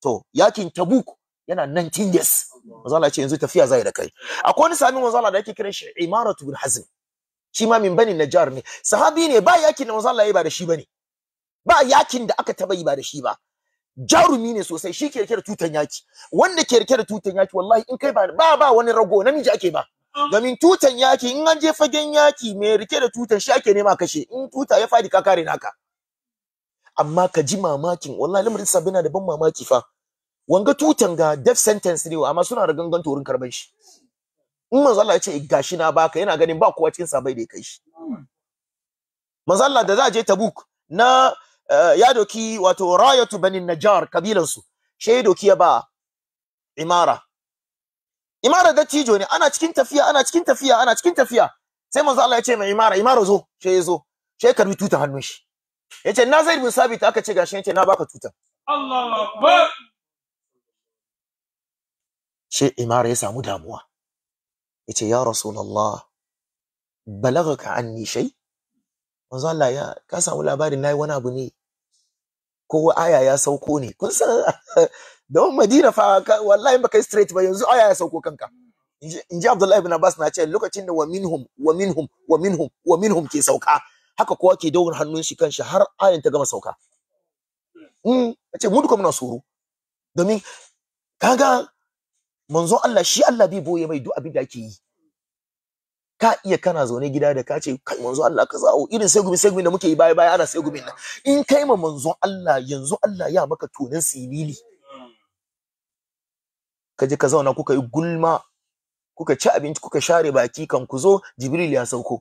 to yakin Tabuk yana 19 years manzo ce yanzu tafiya zai da kai akwai wani sami manzo da yake kiran shi Imaratu bin Hazm shi ma min bani Najjar ne sahabi ne ba yakin da manzo Allah ya ba da shi bane ba yakin da aka taba yi ba da shi ba jarumi ne sosai shi ke rike da tutan yaki wanda ke rike da tutan yaki wallahi in kai ba ba wani rago namiji ake ba domin tutan yaki in an je fagen yaki mai rike da tutan shi ake nema kashe in tuta ya fadi ka kare naka amma ka ji mamakin wallahi lamarin sabbin da ban mamaki fa wanga tutan ga death sentence ne amma suna da gangan torin karban shi in manzo Allah ya ce gashi na baka yana ganin ba kowa cikin sabai da ya kai shi manzo Allah da za je Tabuk na eh, ya doki wato rayatu banin najar kabilan su shi doki ya ba imara imara dattijo ne ana cikin tafiya ana cikin tafiya ana cikin tafiya sai manzo Allah ya ce mai imara imara zo sai ya zo sai karbi tuta hannun shi Ya ce na zai bin sabita aka ce gashi ce na baka tuta Allahu akbar sai imara ya samu damuwa Ya ce ya rasulullah balagaka anni shay manzo Allah ya ka samu labarin nayi wani abu ne ko aya ya sauko ne kun san don madina fa wallahi baka yi straight ba yanzu aya ya sauko kanka in ji abdullahi ibn abbas na ce lokacin da wa minhum wa minhum wa minhum wa minhum ke sauka haka kowa ke dogon hannun shi kanshi har ayan ta gama sauka in hmm, ce mu duka muna tsoro domin kaga manzon Allah shi Allah bai boye mai duk abin da ake yi ka iya kana zaune gida da ka ce kai manzo Allah ka zawo irin sai gumi sai gumi da muke yi baya baya ana sai gumin nan in kai ma manzo Allah yanzu Allah ya maka tonin simili. ka je ka zauna kuka yi gulma kuka ci abinci kuka share baki kan ku zo jibril ya sauko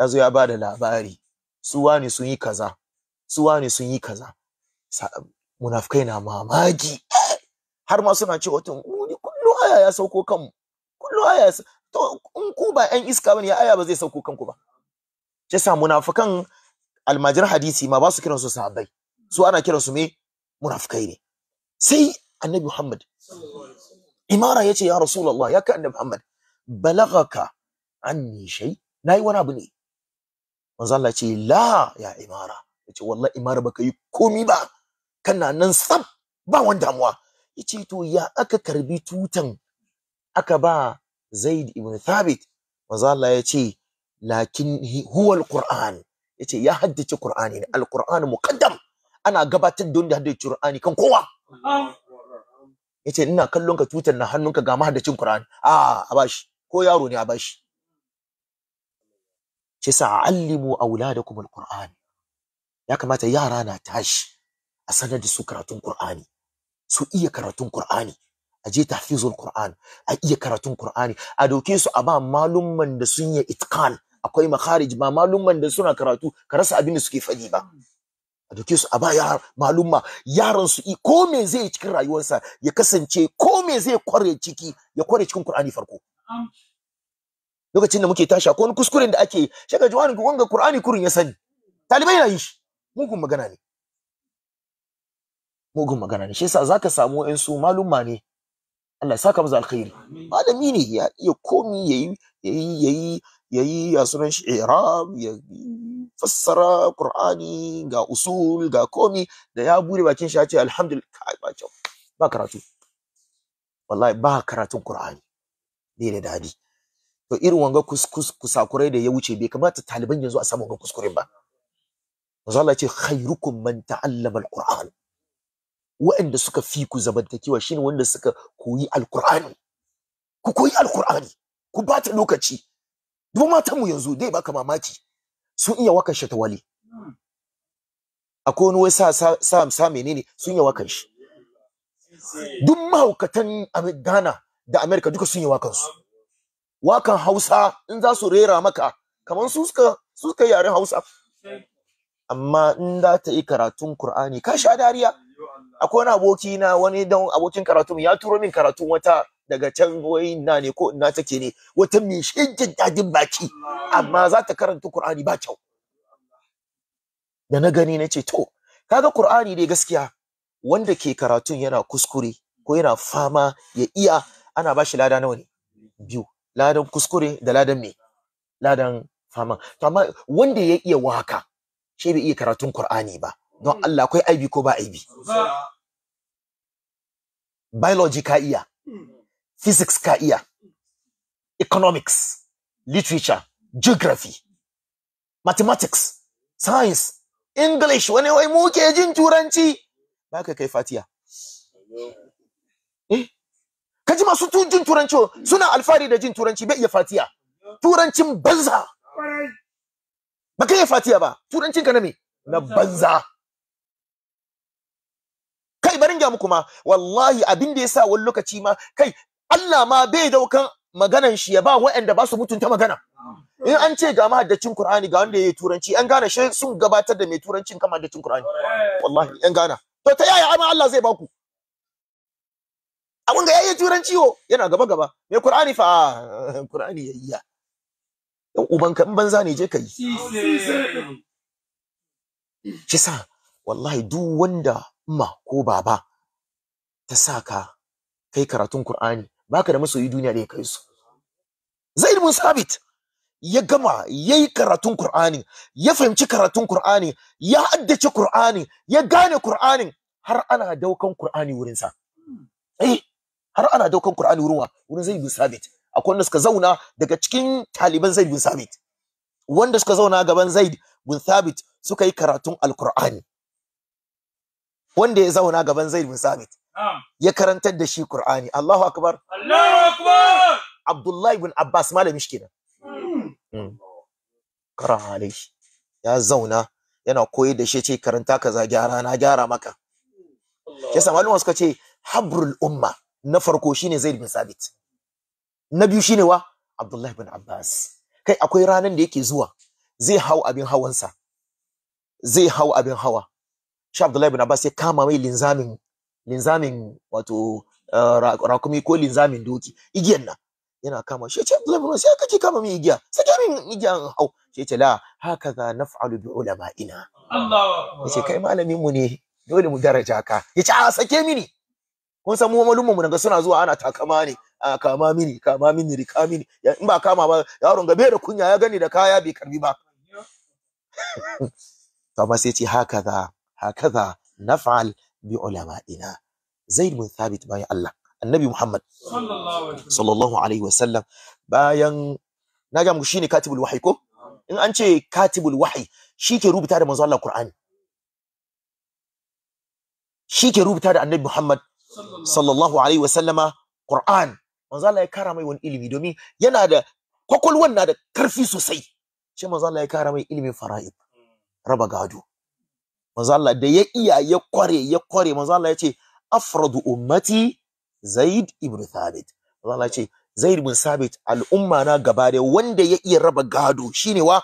ya zo ya ba da labari su wani sun yi kaza su wani sun yi kaza munafikai na mamaki har ma suna cewa tun ni kullu aya ya sauko kanmu kullu aya to in ku ba yan iska bane ya aya ba zai sauko kanku ba shi sa munafikan almajir hadisi ma ba su kiransu sahabbai su ana kiransu me munafikai ne sai annabi Muhammad imara yace ya rasulallah ya ka annabi muhammad balagaka anni shay nayi wani abu ne manzo Allah ce la ya imara yace wallahi imara baka yi komi ba kana nan sab ba wani damuwa yace to ya aka karbi tutan aka ba zaid ibn thabit manzo Allah yace lakin huwa alquran yace ya haddace qur'ani ne alquran muqaddam ana gabatar da wanda haddace qur'ani kan kowa yace ina kallon ka tutar na hannunka ga mahaddacin Qur'ani a ah, a bashi ko yaro ne a bashi ce sa allimu auladakum alquran ya kamata yara na tashi a sanar da su karatun Qur'ani su iya karatun Qur'ani a je tahfizul Qur'an a iya karatun Qur'ani a doke su a ba malumman da sun yi itqal akwai makharij ba malumman da suna karatu ka rasa abin da suke fadi ba a duke su a ba yar malumma yaron su ko me zai cikin rayuwarsa ya kasance ko me zai kware ciki ya kware cikin Qur'ani farko lokacin da muke tashi ko wani kuskuren da ake shaka jawani ko wanga Qur'ani kurin ya sani talibai na yi shi mugun magana ne mugun magana ne shi yasa zaka samu ɗan su malumma ne Allah saka maza alkhairi malami ne ya iya komi yayi yayi yayi ya yi ya sunan shi irab ya fassara qur'ani ga usul ga komi da ya bude bakin shi ya ce alhamdulillah ba ba karatu wallahi ba karatun qur'ani ne da dadi to irin wanga kuskus kusakurai da ya wuce bai kamata taliban yanzu a samu wanga kuskure ba manzo Allah ce khairukum man ta'allama alquran wa'anda suka fi ku zamantakewa shine wanda suka koyi alqur'ani ku koyi alqur'ani ku bata lokaci duk matan mu yanzu dai baka mamaki sun iya wakan shi tawali akwai wani wai sa sa sa menene sun iya wakan shi duk mahaukatan Ghana da America duka sun iya wakan su wakan Hausa in za su rera maka kamar su suka suka yaren Hausa amma in za ta yi karatun Kur'ani ka sha dariya akwai wani aboki na wani dan abokin karatu ya turo min karatun wata daga can wai ina ne ko ina take ne wata mai shigin dadin baki amma za ta karanta Qur'ani ba kyau da na gani na ce to kaga Qur'ani dai gaskiya wanda ke karatun yana kuskure ko yana fama ya iya ana ba shi lada nawa ne biyu ladan kuskure da ladan me ladan fama to amma wanda ya iya waka shi bai iya karatun Qur'ani ba don hmm. Allah akwai aibi ko ba aibi biology ka iya hmm. physics ka iya economics literature geography mathematics science english wani wai mu ke jin turanci ba ka kai fatiya eh ka ji masu jin turanci suna alfari da jin turanci bai iya fatiya turancin banza ba ka iya fatiya ba turancin ka na me na banza kai barin ga mu kuma wallahi abin da yasa wani lokaci ma kai Allah ma bai daukan maganan shi ya ba wa'anda ba su mutunta magana in an ce ga mahaddacin Qur'ani ga wanda yayi turanci an gane shi sun gabatar da mai turancin kan mahaddacin Qur'ani wallahi an gane to ta yaya amma Allah zai baku abun ga yayi turanci wo yana gaba gaba mai Qur'ani fa [LAUGHS] Qur'ani ya iya uban ka, in banza ne je kai shi sa wallahi duk wanda ma ko baba ta saka kai karatun Qur'ani baka da masoyi duniya da ya kai su zaid bin sabit ya gama ya yi karatun Kur'ani, ya fahimci karatun Kur'ani, ya haddace Kur'ani, ya gane Kur'anin har ana daukan Kur'ani sa. Eh, har ana daukan Kur'ani wurin wa? wurin Zaid bin Sabit. Akwai wanda suka zauna daga cikin taliban Zaid bin Sabit. Wanda suka zauna gaban Zaid bin Sabit suka yi karatun alqur'ani Wanda ya zauna gaban Zaid bin Sabit ya karantar da shi Qur'ani Allahu akbar Allahu akbar Abdullahi ibn Abbas malami shi kenan hmm. Hmm. kara ya zauna yana koyi da shi ce karanta kaza gyara na gyara maka yasa malama suka ce habrul umma na farko shine Zaid bin Sabit na biyu shine wa Abdullahi bin Abbas kai akwai ranan da yake zuwa zai hau abin hawansa zai hau abin hawa shi Abdullahi bin Abbas ya kama mai linzamin linzamin wato eh, rakumi ko linzamin doki igiyan nan yana kama shi ce lebron sai kake kama min igiya sake min igiya in hau shi ce la haka na naf'alu bi ina Allah ce kai malamin mu ne dole mu daraja ka Ya ce a sake mini kun san mu malumman mu daga suna zuwa ana takama ne a kama mini kama mini rika mini in ba kama ba yaron gabe da kunya ya gani da kaya bai karbi ba [LAUGHS] to amma sai ce haka ga, haka ga naf'al bi zaid bin thabit bayan Allah annabi Muhammad sallallahu alaihi wasallam bayan na ga mu shine katibul wahyi ko in an ce katibul wahyi shike rubuta da manzo Allah Qur'ani shike rubuta da annabi Muhammad sallallahu alaihi wasallama Qur'an manzo Allah ya kara mai wani ilimi domin yana da kwakwalwan na da karfi sosai shi manzo Allah ya kara mai ilimin fara'id raba gado manzo da ya iya ya kware ya kware manzo yace ya ce afradu ummati Zaid ibn Thabit ce Zaid ibn Thabit al'umma na gaba da wanda ya iya raba gado shine wa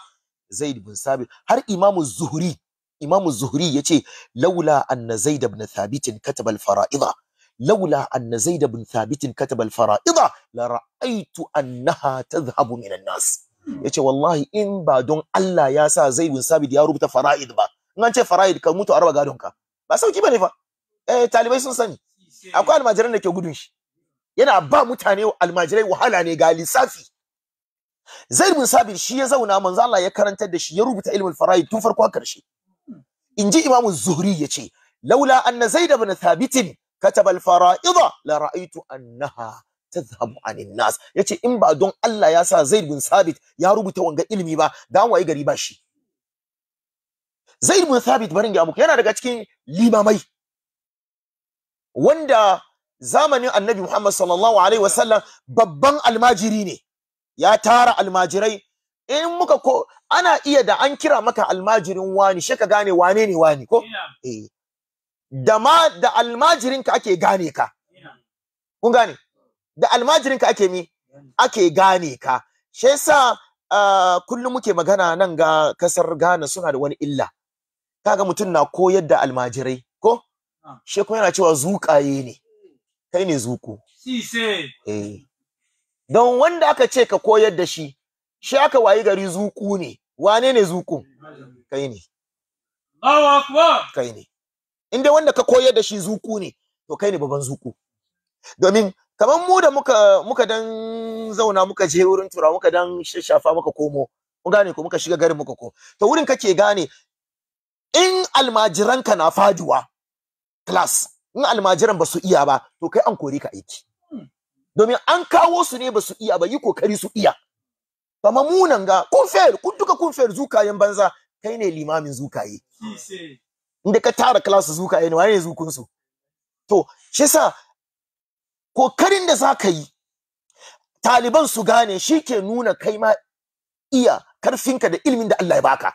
Zaid ibn Thabit har Imam Zuhri Imam Zuhri yace laula anna Zaid ibn Thabit kataba al-fara'idha laula anna Zaid ibn Thabit kataba al-fara'idha la ra'aytu annaha tadhhabu min an-nas yace wallahi in ba don Allah ya sa Zaid ibn Thabit ya rubuta fara'id ba in an ce fara'id ka mutu a raba gadon ka ba sauki bane fa eh talibai sun sani akwai almajiran da ke gudun shi yana ba mutane almajirai wahala ne ga lissafi Zaid bin Sabir shi ya zauna manzo Allah ya karantar da shi ya rubuta ilmul fara'id tun farko har karshe inji Imam Zuhri yace laula anna Zaid bin Thabit kataba al faraid la ra'aytu annaha tadhhabu 'anil nas yace in ba don Allah ya sa Zaid bin Sabit ya rubuta wanga ilimi ba dan waye gari ba shi zaid bin thabit barin ga muku yana daga cikin limamai wanda zamanin annabi muhammad sallallahu alaihi wasallam babban almajiri ne ya tara almajirai in muka ko ana iya da an kira maka almajirin wani shi ka gane wane ne wani ko eh da ma da ka ake gane ka kun gane da almajirin ka ake mi ake gane ka shi yasa ah, kullum muke magana nan ga kasar Ghana suna da wani illa kaga mutum na koyar da almajirai ko ah. shi kuma yana cewa zuƙaye ne kai ne zuku eh don wanda aka ce ka koyar da shi shi aka wayi gari zuku ne wane ne zuku kai ne Allahu akbar kai ne in dai wanda ka koyar da shi zuku ne to kai ne baban zuku domin kamar mu da muka muka dan zauna muka je wurin tura muka dan shafa muka komo mu gane ko muka shiga garin muka ko to wurin kake gane in almajiranka na faduwa class in almajiran ba su iya ba to kai an kori ka aiki hmm. domin an kawo su ne ba su iya ba yi kokari su iya ba mamunan ga kun fair kun duka kun fair zukayen banza kai ne limamin zukaye inda ka tara class zukaye ne waye zukun su to shi yasa kokarin da zaka yi taliban su gane shi ke nuna kai ma iya karfinka da ilmin da Allah ya baka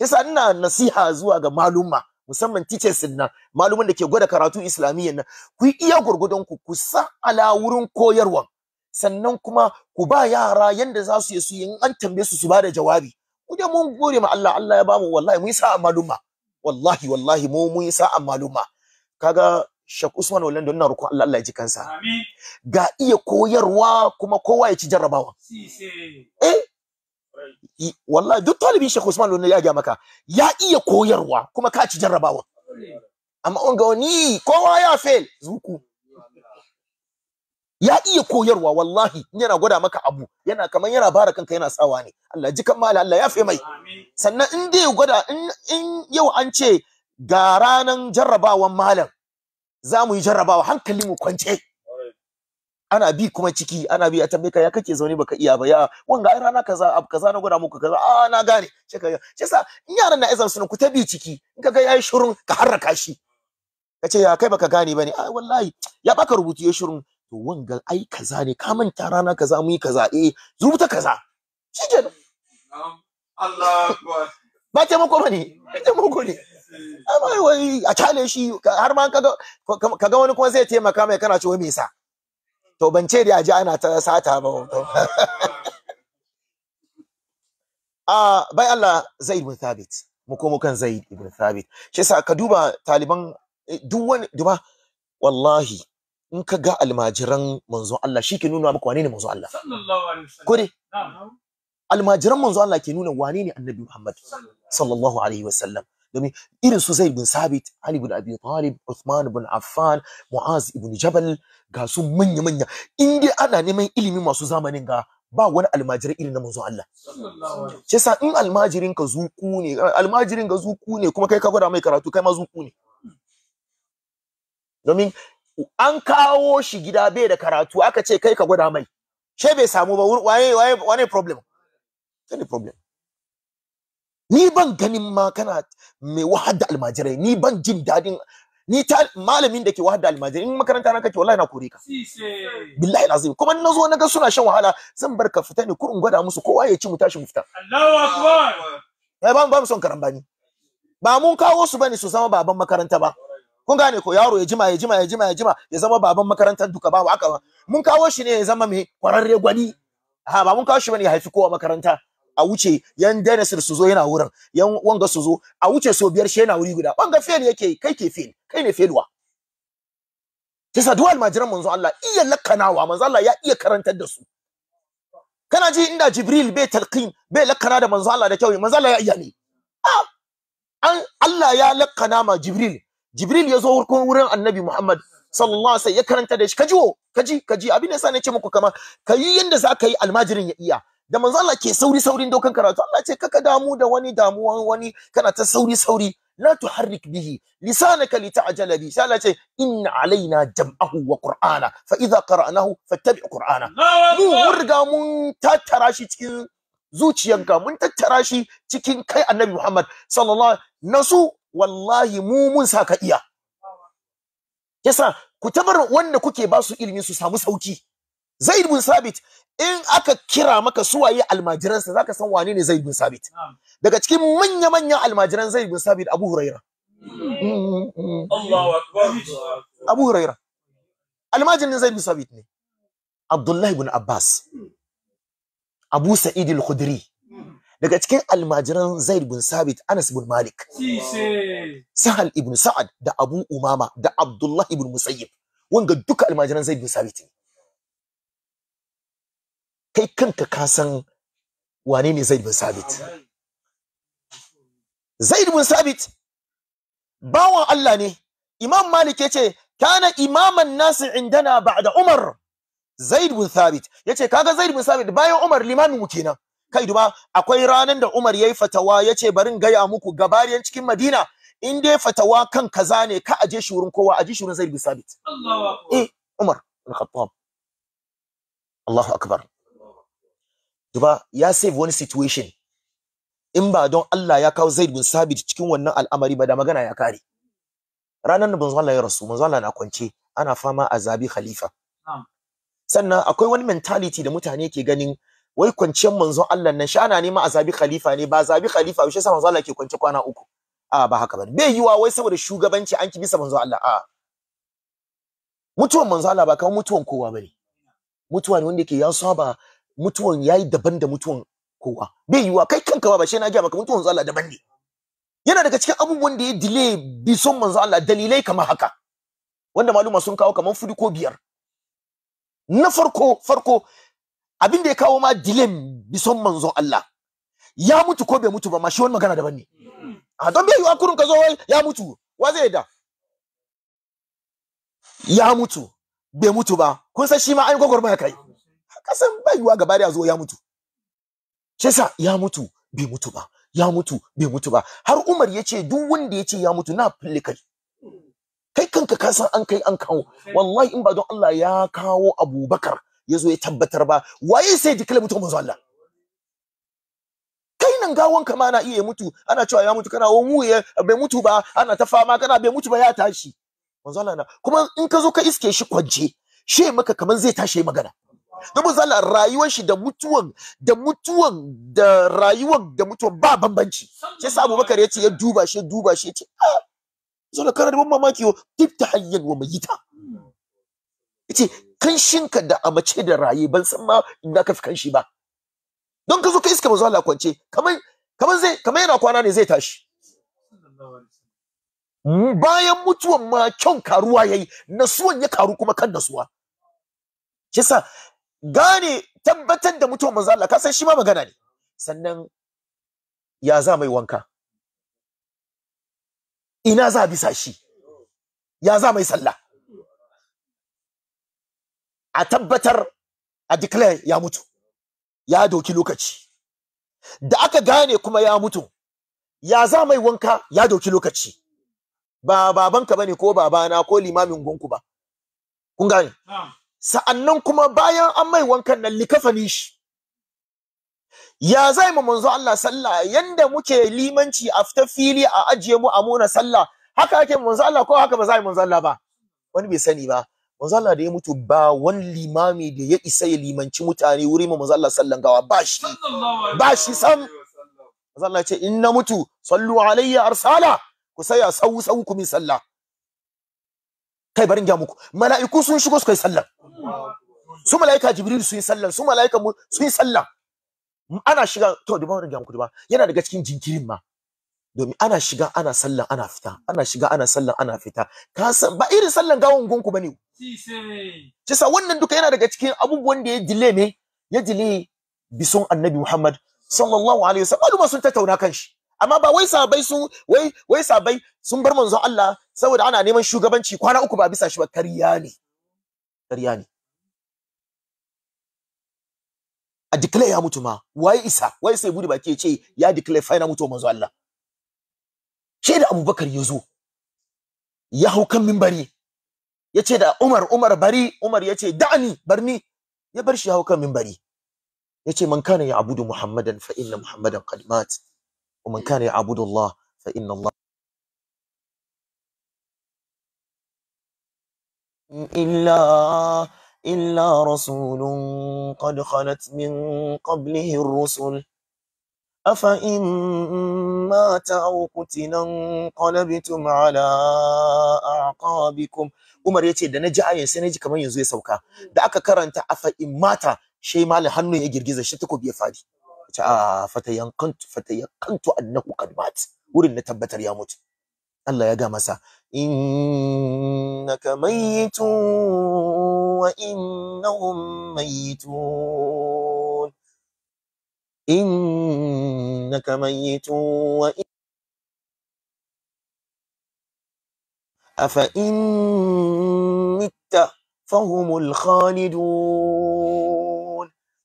yasa ina nasiha zuwa ga maluma musamman teachers din nan maluman da ke gwada karatu islamiyya nan ku yi iya gurgudun ku ku sa ala wurin koyarwa sannan kuma ku ba yara yanda za su yi su in an tambaye su su ba da jawabi ku da mun gode ma Allah Allah ya bamu wallahi mun sa maluma wallahi wallahi mu mun sa maluma kaga Shek Usman Wallan na roƙon Allah Allah ya ji kansa. Amin. Ga iya koyarwa kuma kowa ya ci jarrabawa. Si, eh wallahi duk talibin Sheikh Usman Lone ya ga maka ya iya koyarwa kuma ka ci jarrabawa amma on ga wani kowa ya fail zuku ya iya koyarwa wallahi yana gwada maka abu yana kaman yana bara kanka yana tsawa ne Allah ji kamar Allah ya fi mai sannan in dai gwada in yau an ce ga ranan jarrabawan malam za mu yi jarrabawa hankalin mu kwance ana bi kuma ciki ana bi a tambaye ka ya kake zaune baka iya ba ya wanga ai rana kaza ab kaza na gwada muku kaza a ah, na gane shi ka shi sa in yaran na izan sunan ku ta bi ciki in ga yayi shurun ka harraka shi Ka ce ya kai baka gane bane a wallahi ya baka rubutu ya shurun to wanga ai kaza ne ka manta rana kaza mu yi kaza eh rubuta kaza nan Allah ba taimako ba ne taimako ne amma wai a cale shi har ma ka ga wani kuma zai taimaka mai kana cewa me yasa to ban ce da ji ana ta sata ba ah [LAUGHS] bai Allah Zaid ibn Thabit mu komo kan Zaid ibn Thabit shi sa ka duba taliban eh, duk wani duba wallahi in ka ga almajiran manzon Allah shi ke nuna maka wane ne manzon Allah sallallahu alaihi wasallam ko dai almajiran manzon Allah ke nuna wane ne annabi Muhammad sallallahu alaihi wasallam domin irin su Zaid bin Sabit, Ali bin Abi Talib, Uthman bin Affan, Mu'az ibn Jabal ga su manya manya. In ana neman ilimi masu zamanin ga ba wani almajiri irin na manzo Allah. alaihi wasallam in almajirin ka zuku ne, almajirin ga zuku ne kuma kai ka gwada mai karatu kai ma zuku ne. Domin an kawo shi gida bai da karatu aka ce kai ka gwada mai. She bai samu ba waye waye problem? problem. ni ban ganin ma kana mai wahada almajirai ni ban jin dadin ni ta malamin da ke wahada almajirai in makaranta na kake wallahi na kore ka billahi lazim kuma na zo naga suna shan wahala zan bar ka fita ne kurin gwada musu kowa ya ci mu tashi mu fita Allahu akbar eh ba mu son karamba ni. ba mun kawo su bane su zama baban makaranta ba kun gane ko yaro ya jima ya jima ya jima ya jima ya zama baban makarantar duka ba haka mun kawo shi ne ya zama mai kwararre gwani ha ba mun kawo shi bane ya haifi kowa makaranta a wuce yan Dinosaur su zo yana wurin yan wanga su zo a wuce so biyar shi yana wuri guda wanga fail yake kai ke fail kai ne failwa sa duwal majiran manzo Allah iya lakanawa manzo Allah ya iya karantar da su kana ji inda Jibril bai talqin bai lakana da manzo Allah da kyau manzo Allah ya iya ne an Allah ya lakana ma Jibril Jibril ya zo wurin Annabi Muhammad sallallahu alaihi wasallam ya karanta da shi kaji kaji kaji abin da yasa ce muku kama kai yanda za ka yi almajirin ya iya da manzo Allah ke sauri saurin dokan karatu Allah ce kaka damu da wani damuwan wani kana ta sauri sauri la tuharrik bihi lisanaka lita'jala bi sai Allah ce inna alaina jam'ahu wa qur'ana fa idza qara'nahu fattabi' qur'ana mu wurga mun tattara shi cikin zuciyanka mun tattara shi cikin kai annabi Muhammad sallallahu nasu wallahi mu mun saka iya yasa ku tabar wanda kuke basu su ilimi su samu sauki Zaid bin Sabit in aka kira maka suwaye almajiransa zaka san wane ne Zaid bin Sabit. Daga cikin manya-manyan almajiran Zaid bin Sabit Abu Huraira. Allahu akbar. Abu Huraira. Almajirin Zaid bin Sabit ne. Abdullahi bin Abbas. Abu Sa'id al-Khudri. Daga cikin almajiran Zaid bin Sabit Anas bin Malik. Sahal ibn Sa'ad da Abu Umama da Abdullahi ibn Musayyib. Wanga duka almajiran Zaid bin Sabit ne. kai kanka ka san wane ne Zaid bin Sabit Zaid bin Sabit bawan Allah ne Imam Malik yace kana imaman nasi indana da Umar Zaid bin Sabit yace kaga Zaid bin Sabit bayan Umar limamin mu kenan kai duba akwai ranar da Umar yayi fatawa ya ce barin gaya muku gabariyan cikin Madina in dai fatawa kan kaza ne ka aje shi wurin kowa aje shi wurin Zaid bin Sabit eh Umar Allahu akbar duba ya save wani situation in ba don Allah ya kawo Zaid bin Sabit cikin wannan al'amari ba da magana ya kare ranar da manzo Allah ya rasu manzo Allah na kwance ana fama a zabi khalifa sannan akwai wani mentality da mutane ke ganin wai kwanciyar Manzo Allah nan shana ne ma a zabi khalifa ne ba zabi khalifa ba shi yasa manzo Allah ke kwance kwana uku a ba haka bane bai yiwa wai saboda shugabanci an ki bisa manzo Allah a mutuwan manzo Allah ba kamar mutuwan kowa bane mutuwa ne wanda yake ya saba mutuwan yayi daban da mutuwan kowa bai yiwa kai kanka ba shi na ga maka mutuwan Allah daban ne yana daga cikin abubuwan da ya delay bi son manzo Allah dalilai kamar haka wanda maluma sun kawo kamar fudu ko biyar na farko farko abin da ya kawo ma delay bi son manzo Allah ya mutu ko bai mutu ba ma shi wani magana daban ne a ah, don bai yiwa kurun ka zo ya mutu wa zai da ya mutu bai mutu ba kun san shi ma an gwagwarmaya kai kasan ba yiwa gaba da zo ya mutu shesa ya mutu bai mutu ba ya mutu bai mutu ba har Umar ya ce duk wanda ya ce ya mutu na filikal kai kanka ka san an kai an kawo wallahi in ba don Allah ya kawo Abubakar ya zo ya tabbatar ba waye sai ji mutu manzo Allah kai nan gawon ka ma na iya mutu ana cewa ya mutu kana wo mu ya bai mutu ba ana ta fama kana bai mutu ba ya tashi manzo Allah kuma in ka zo ka iske shi kwance she maka kaman zai tashi magana don manzo rayuwar shi da mutuwan da mutuwan da rayuwar da mutuwan ba bambanci sai sa Abubakar ce ya duba shi duba shi Ya ah zo da mamma mamaki yo tifta hayyan wa mayita yace shinka da amace da raye ban san ma inda ka fi kanshi ba don ka zo ka iska manzo Allah kwance kamar kamar zai kamar yana kwana ne zai tashi bayan mutuwan ma kyan karuwa yayi nasuwan ya karu kuma kan nasuwa shi yasa gane tabbatar da mutuwar manzo Allah san shi ma magana ne sannan ya za mai wanka ina za bisa shi ya za mai sallah a tabbatar a declare ya mutu ya doki lokaci da aka gane kuma ya mutu ya za mai wanka ya doki lokaci ba babanka bane ko babana ko limamin gunku ba kun gane sa'annan kuma bayan an mai wankan nan likafani shi ya zai mu manzo Allah sallah yanda muke limanci a fita fili a ajiye mu a muna sallah haka ake manzo Allah ko haka ba zai manzo Allah ba wani bai sani ba manzo Allah da ya mutu ba wani limami da ya isa ya limanci mutane wuri mu manzo Allah sallan gawa ba shi ba shi sam manzo Allah ce in na mutu sallu alayya arsala ku saya sau sau ku min sallah kai barin ga muku mala'iku sun shigo su kai sallah su mala'ika jibril sun yi sallah su mala'ika mu su yi sallah ana shiga to da barin ga muku ba yana daga cikin jinkirin ma domin ana shiga ana sallah ana fita ana shiga ana sallah ana fita ka san ba irin sallan gawon gunku bane ci sai wannan duka yana daga cikin abubuwan da ya dile ne ya dile bison annabi Muhammad sallallahu alaihi wasallam sun tattauna kan shi amma ba wai sabai sun wai wai sabai sun bar manzon Allah saboda ana neman shugabanci kwana uku ba bisa shi ba kariya ne kariya ne a declare ya mutu ma wai isa wai sai budi baki ya ce ya declare fa yana mutu manzon Allah ke da Abubakar ya zo ya hau kan minbari ya ce da Umar Umar bari Umar ya ce da'ani barni ya bar shi ya hau kan minbari ya ce man kana ya abudu Muhammadan fa inna Muhammadan qad ومن كان يعبد الله فإن الله إلا إلا رسول قد خلت من قبله الرسل أفإن مات أو قتل انقلبتم على أعقابكم Umar ya ce da na ji ayin sai na ji kamar yanzu ya sauka da aka karanta afa in mata shi malam hannu ya girgiza shi takobi ya fadi آه، فتيقنت فتيقنت انه قد مات ولن ورن تبتر يموت الله يا جامسة إنك ميت وإنهم ميتون إنك ميت وإن أفإن مت فهم الخالدون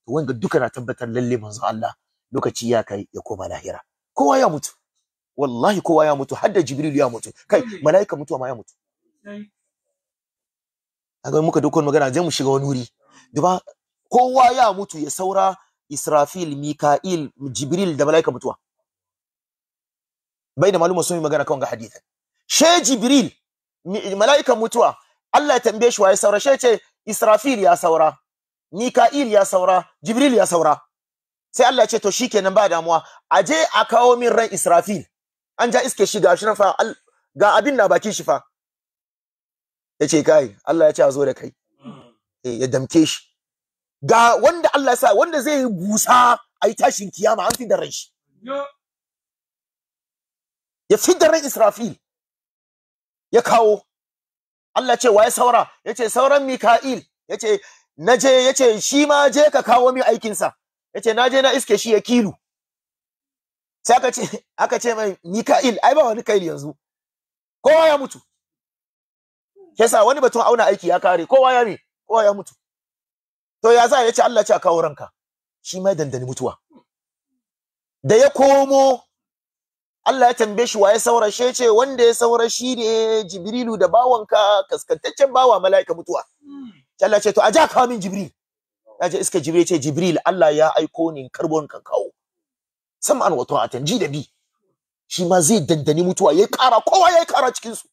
to wanga duka na tabbatar lalle manzo Allah lokaci ya kai ya koma lahira kowa ya mutu wallahi kowa ya mutu da jibril ya mutu kai malaika mutuwa ma ya mutu kaga muka dukkan magana zai mu shiga wani wuri duba kowa ya mutu ya saura Israfil Mika'il Jibril da malaika mutuwa bai da maluma sun yi magana kan ga hadithin she Jibril malaika mutuwa Allah ya tambaye shi ya saura she ce Israfil ya saura Mika'il ya saura Jibril ya saura sai Allah ya ce to shikenan ba damuwa aje a kawo min ran Israfil an ja iske shi ga shi fa ga abin na bakin shi fa yace kai Allah ya ce a zo da kai eh ya damke shi ga wanda Allah ya sa wanda zai yi busa ai tashin kiyama an fi da ran shi ya fi da ran Israfil ya kawo Allah ce wa ya saura yace sauran Mika'il yace na je ya ce shi ma je ka kawo min aikinsa ya ce na je na iske shi ya kilu sai aka ce [LAUGHS] aka ce mai mika'il ai ba wani kail yanzu kowa ya mutu kesa wani batun auna aiki ya kare kowa ya ne kowa ya mutu to ya za ya ce Allah ce a kawo ranka shi mai dandani mutuwa da ya komo Allah ya tambaye shi wa ya saurashe ce wanda ya saura shi ne Jibrilu da bawanka kaskantaccen bawa mala'ika mutuwa hmm. Allah ce to a ja kawo min Jibril ya ce iska Jibril ce Jibril Allah ya aiko ni karbon ka kawo sam'an wa ta'atan ji da bi shi ma zai dandani mutuwa yayi kara kowa yayi kara cikin su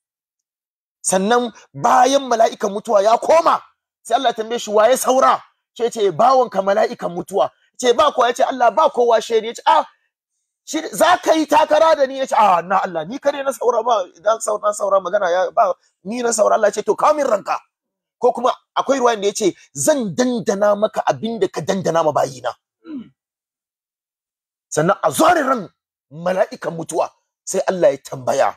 sannan bayan mala'ikan mutuwa ya koma sai Allah tambaye shi waye saura ce ce bawon ka mala'ikan mutuwa ce ba kowa ya ce Allah ba kowa shi ne ya ce ah shi za ka yi takara da ni ya ce ah na Allah ni kare na saura ba idan saura magana ya ba ni na saura Allah ce to kamin ranka ko kuma akwai ruwan da ya ce zan dandana maka abin da ka dandana ma bayina hmm. sannan a ran mala'ikan mutuwa sai Allah ya tambaya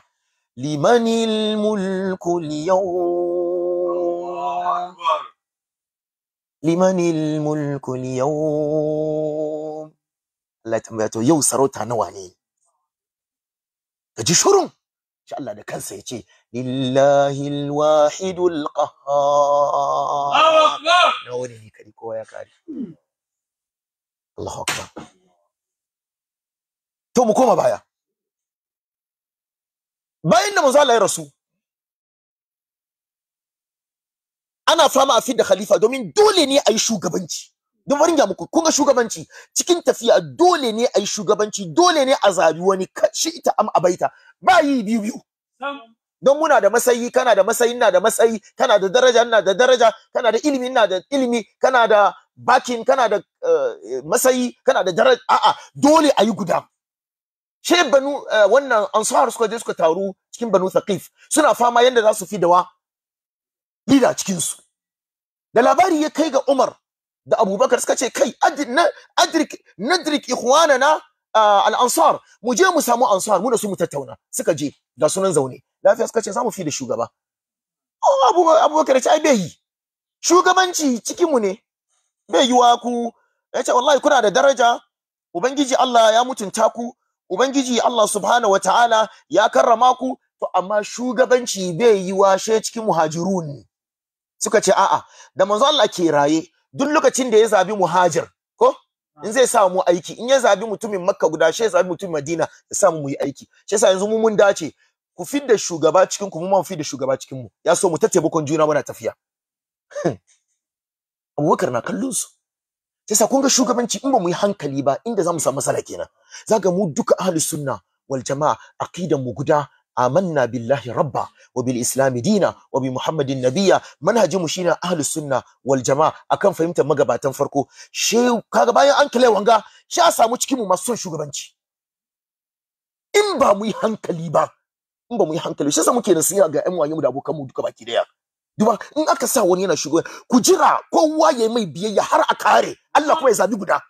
limanil mulku yawm limanil mulku yawm Allah ya tambaya to yau sarauta nawa ne ka ji shurun Sha Allah da kansa ya ce lillahi alwahidul qahhar na wani kowa ya kare Allahu mu koma baya bayan da manzo Allah ya rasu ana fama a da khalifa domin dole ne a yi shugabanci don bari muku shugabanci cikin tafiya dole ne a yi shugabanci dole ne a zabi wani shi ita am abaita ba yi biyu biyu don muna da matsayi kana da matsayi ina da matsayi kana da daraja ina da daraja kana da ilimi ina da ilimi kana da bakin kana da eh, matsayi kana da daraja a'a dole a yi guda she banu eh, wannan ansar suka je suka taru cikin banu thaqif suna fama yanda za su fi dawa lida cikin su da labari ya kai ga Umar da Abubakar suka ce kai adrik nadrik ikhwanana eh, al-ansar mu je mu samu ansar mu da su mu tattauna suka je ga sunan zaune lafiya suka ce za mu fi da shugaba oh, abu abubakar ce ai bai yi shugabanci cikin mu ne bai yi wa ku ya ce wallahi kuna da daraja ubangiji Allah ya mutunta ku ubangiji Allah subhanahu wataala ya karrama ku to amma shugabanci bai yi wa she cikin muhajirun suka ce a'a da manzo Allah ke raye duk lokacin da ya zabi muhajir ko in zai sa mu aiki in ya zabi mutumin makka guda shi ya zabi mutumin madina ya sa mu yi aiki shi yasa yanzu mu mun dace ku fidda shugaba cikin ku mu ma mu fidda shugaba cikin mu ya so mu ta taimakon juna muna tafiya Abubakar na kallon su sai sa kun ga shugabanci in ba mu yi hankali ba inda za samu matsala kenan zaga mu duka ahli sunna wal jama'a aqidan mu guda amanna billahi rabba wa bil islam dina wa bi muhammadin nabiyya manhajin mu shine ahli sunna wal jama'a akan fahimtar magabatan farko she kaga bayan an kale wanga sha samu cikin mu masu son shugabanci in ba mu yi hankali ba in ba mu yi hankali shi yasa muke nasiha ga ƴan waye mu da abokan mu duka baki daya duba in aka sa wani yana shigo ku jira kowa ya mai biyayya har a kare Allah kuma ya zabi guda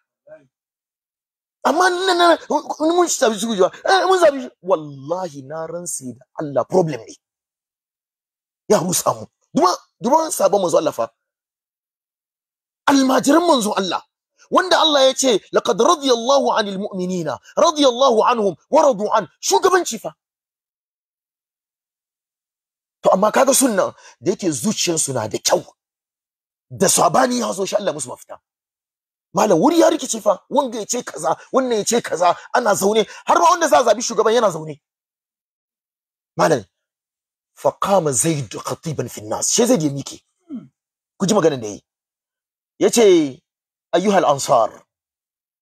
amma nan mun zabi su gujewa eh, mun zabi wallahi na ransa da Allah problem ne ya rusa mu duba duba sabon manzo Allah fa almajiran manzo Allah wanda Allah ya ce laqad radiyallahu anil mu'minina radiyallahu anhum wa radu an shugabanci fa to amma kaga sunnan da yake zuciyarsu na da kyau da sabani ya zo sha Allah musu mafita malam wuri ya rikice fa wanga yace kaza wannan yace kaza ana zaune har ma wanda za zabi shugaban yana zaune malam fa qama zaid khatiban fi nnas she zaid ya miki ku ji maganar da yi yace ayyuhal ansar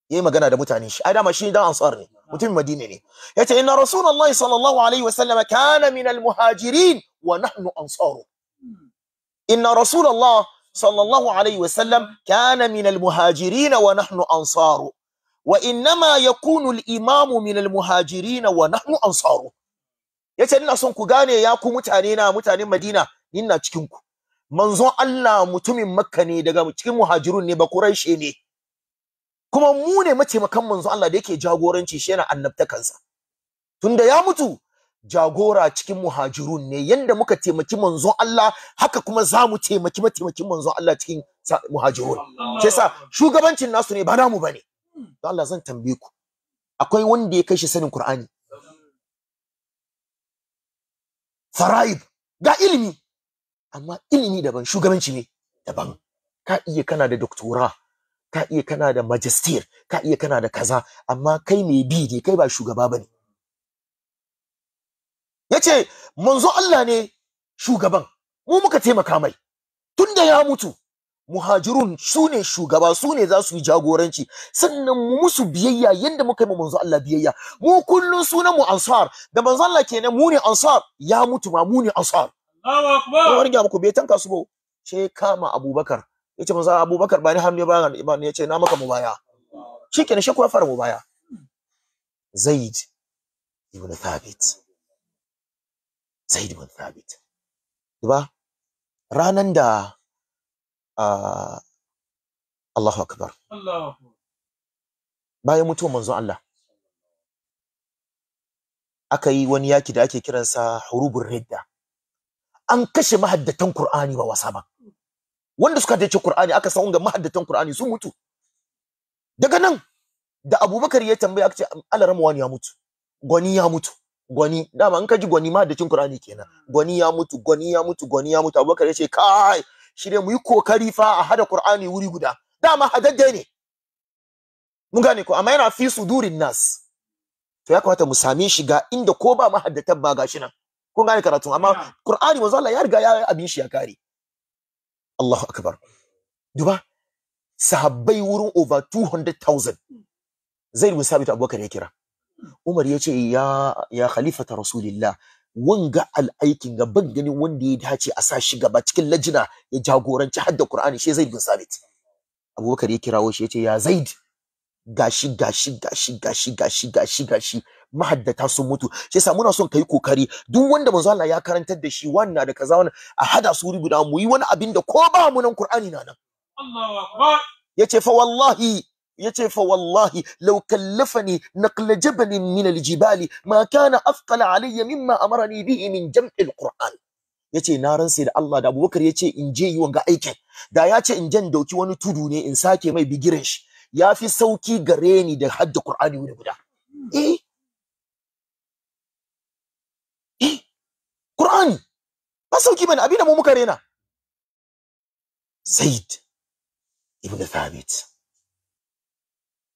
yayi magana da mutane shi ai dama shi dan ansar ne mutumin madina ne yace inna rasulullahi sallallahu alaihi wasallam kana min al muhajirin wa nahnu ansaru hmm. inna rasulullah sallallahu alaihi wasallam kana min almuhajirin wa nahnu ansaru wa innama yakunu al-imam min almuhajirin wa nahnu ansaru yace ina son ku gane ya ku mutane na mutanen Madina ina cikin ku manzon Allah mutumin Makka ne daga cikin muhajirun ne ba Quraishi ne kuma mu ne mataimakan manzon Allah da yake jagoranci shi yana annabtakansa tunda ya mutu jagora cikin muhajirun ne yanda muka taimaki manzon Allah haka kuma za mu taimaki mataimakin manzon Allah cikin muhajirun sai sa shugabancin nasu ne ba namu bane don Allah zan tambaye ku akwai wanda ya kai shi sanin Qur'ani faraid ga ilimi amma ilimi daban shugabanci ne daban ka iya kana da doktora ka iya kana da magister ka iya kana da kaza amma kai mai bi ne kai ba shugaba bane yace manzo Allah ne shugaban mu muka taimaka mai tunda ya mutu muhajirun su ne shugaba su ne za su yi jagoranci sannan mu musu biyayya yadda muka yi ma manzo Allah biyayya mu kullun sunan mu ansar da manzo Allah kenan mu ne ansar ya mutu ma mu ne ansar Allahu akbar ko ringa muku bai tanka su ba ce kama Abubakar yace manzo Abubakar ba ni har ne ba ni yace na maka mu shikenan shi ko ya fara baya? Zaid ibn Thabit Zaid bin Thabit ba ranan da uh, Allahu akbar bayan mutuwar manzon Allah aka wani yaki da ake kiransa hurubun ridda an kashe mahaddatan Qur'ani ba wasa ba wanda suka dace Kur'ani aka san ga mahaddatan Kur'ani sun mutu daga nan da Abubakar ya tambaya aka ce wani ya mutu gwani ya mutu gwani dama in ka ji gwani ma da cin Qur'ani kenan gwani ya mutu gwani ya mutu gwani ya mutu Abubakar ya ce kai shi ne mu yi kokari fa a hada Kur'ani wuri guda dama hadadde ne mun gane ko amma yana fi sudurin nas to ya kamata mu sami shiga inda ko ba mahaddatan ba gashi nan kun gane karatu amma Kur'ani manzo Allah ya riga ya abin shi ya kare Allahu akbar duba sahabbai wurin over 200,000 zai musabita Sabit Abubakar ya kira Umar ya ce ya ya khalifata Rasulillah wanga al'aikin ga ban ganin wanda ya dace a sa shi gaba cikin lajina ya jagoranci hadda Qur'ani shi Zaid bin Sabit. Abubakar ya kirawo shi ya ce ya Zaid gashi gashi gashi gashi gashi gashi gashi mahaddata sun mutu shi yasa muna son kai kokari duk wanda manzo Allah ya karantar da shi wannan da kaza wannan a hada su da mu yi wani abin da ko ba mu nan Qur'ani na nan Allahu akbar yace fa wallahi yace fa wallahi law kallafani naqla jabalin min aljibali ma kana afqal alayya mimma amarani bihi min jam'il qur'an yace na ransa da Allah da Abubakar yace in je yi wanga aikin da yace in jan dauki wani tudu ne in sake mai bigirin shi yafi sauki gare ni da hadda qur'ani wuri guda eh eh ba sauki bane abin da mu muka rena zaid ibn thabit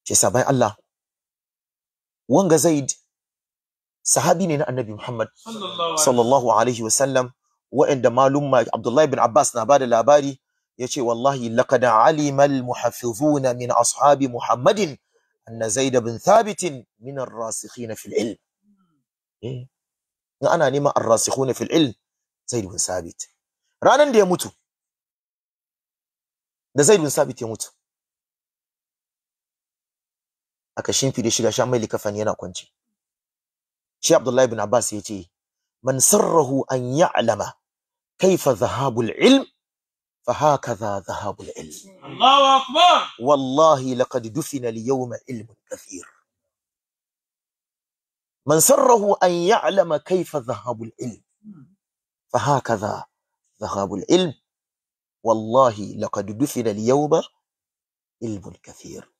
shi yasa bai Allah wanga Zaid sahabi ne na Annabi Muhammad sallallahu alaihi wa sallam wa'anda malumma Abdullah ibn Abbas na bada labari yace wallahi laqad alima al-muhaffizuna min ashabi Muhammadin anna Zaid ibn Thabit min ar-rasikhina fil ilm hmm. eh, ana nima ar-rasikhuna fil ilm Zaid ibn Thabit ranan da ya mutu da Zaid ibn Thabit ya mutu aka shimfide shi gashi an mai likafan yana kwance shi Abdullahi ibn Abbas yace man sarrahu an ya'lama kaifa dhahabul ilm فهكذا ذهاب العلم الله أكبر والله لقد دفن اليوم علم كثير من سره أن يعلم كيف ذهاب العلم فهكذا ذهاب العلم والله لقد دفن اليوم علم كثير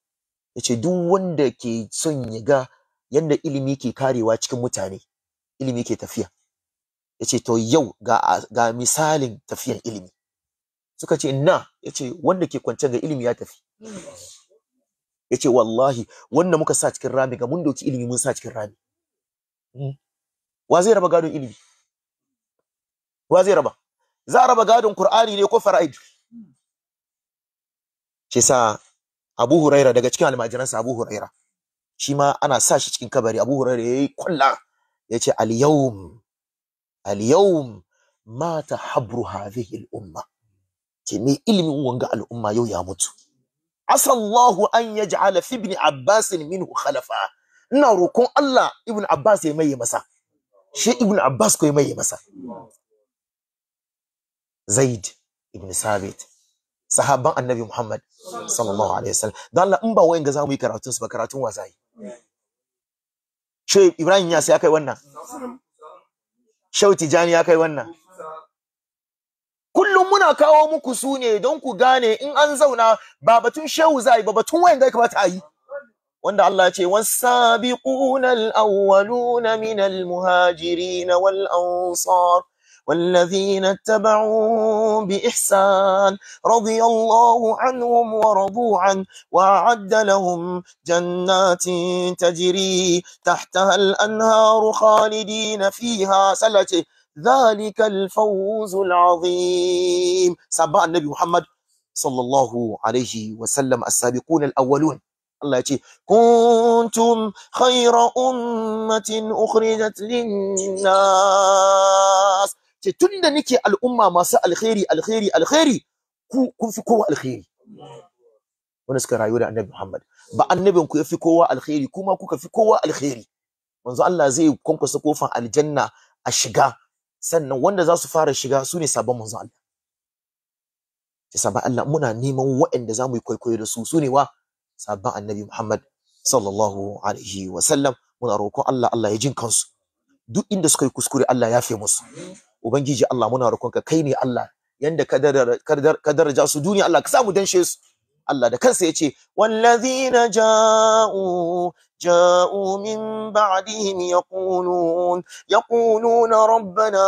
yace duk wanda ke son ya ga yanda ilimi ke karewa cikin mutane ilimi ke tafiya yace to yau ga ga misalin tafiyan ilimi suka ce na yace wanda ke kwance ga ilimi ya tafi yace wallahi wanda muka sa cikin rami ga mun doki ilimi mun sa cikin rami hmm. wa zai raba gadon ilimi wa zai raba za a raba gadon qur'ani ne ko fara'id ce sa Abu Huraira daga cikin almajiransa Abu Huraira shi ma ana sa shi cikin kabari Abu Huraira yayi kwalla yace al-yawm al-yawm mata habru hadhihi al-umma ce me ilimin wanga al'umma yau ya mutu asallahu an yaj'ala fi ibn Abbas minhu khalafa ina rokon Allah ibn Abbas ya maye masa shi ibn Abbas ko ya maye masa Zaid ibn Sabit sahabban annabi Muhammad sallallahu alaihi wasallam dan Allah in ba wayan ga zamu yi karatun su ba karatun wa zai Ibrahim ya sai wannan Shehu Tijani ya kai wannan kullum muna kawo muku su ne don ku gane in an zauna ba batun shehu zai ba batun wayan ga kamata a yi wanda Allah ya ce wasabiquna al-awwaluna min muhajirin wal ansar والذين اتبعوهم بإحسان رضي الله عنهم ورضوا عنه وأعد لهم جنات تجري تحتها الأنهار خالدين فيها سلته ذلك الفوز العظيم سبع النبي محمد صلى الله عليه وسلم السابقون الأولون الله يجي كنتم خير أمة أخرجت للناس ce tun da nake al'umma masu alkhairi alkhairi alkhairi ku kun fi kowa alkhairi wanda suka rayu da annabi Muhammad ba annabin ku yafi kowa alkhairi kuma kuka fi kowa alkhairi manzo Allah zai kwankwasa kofan aljanna a shiga sannan wanda za su fara shiga su ne sabon manzo Allah ce sabon Allah muna neman waɗanda za mu yi kwaikwayo da su su ne wa sabon annabi Muhammad sallallahu alaihi wa sallam muna roƙon Allah Allah ya jin kansu duk inda suka yi kuskure Allah ya fi musu ubangiji Allah muna roƙonka kai ne Allah yanda ka daraja su duniya Allah ka samu danshe su Allah da kansa ya ce, Wallazi na ja’u, ja’u min ba’adihim ya kununa, ya ƙununa rabbana,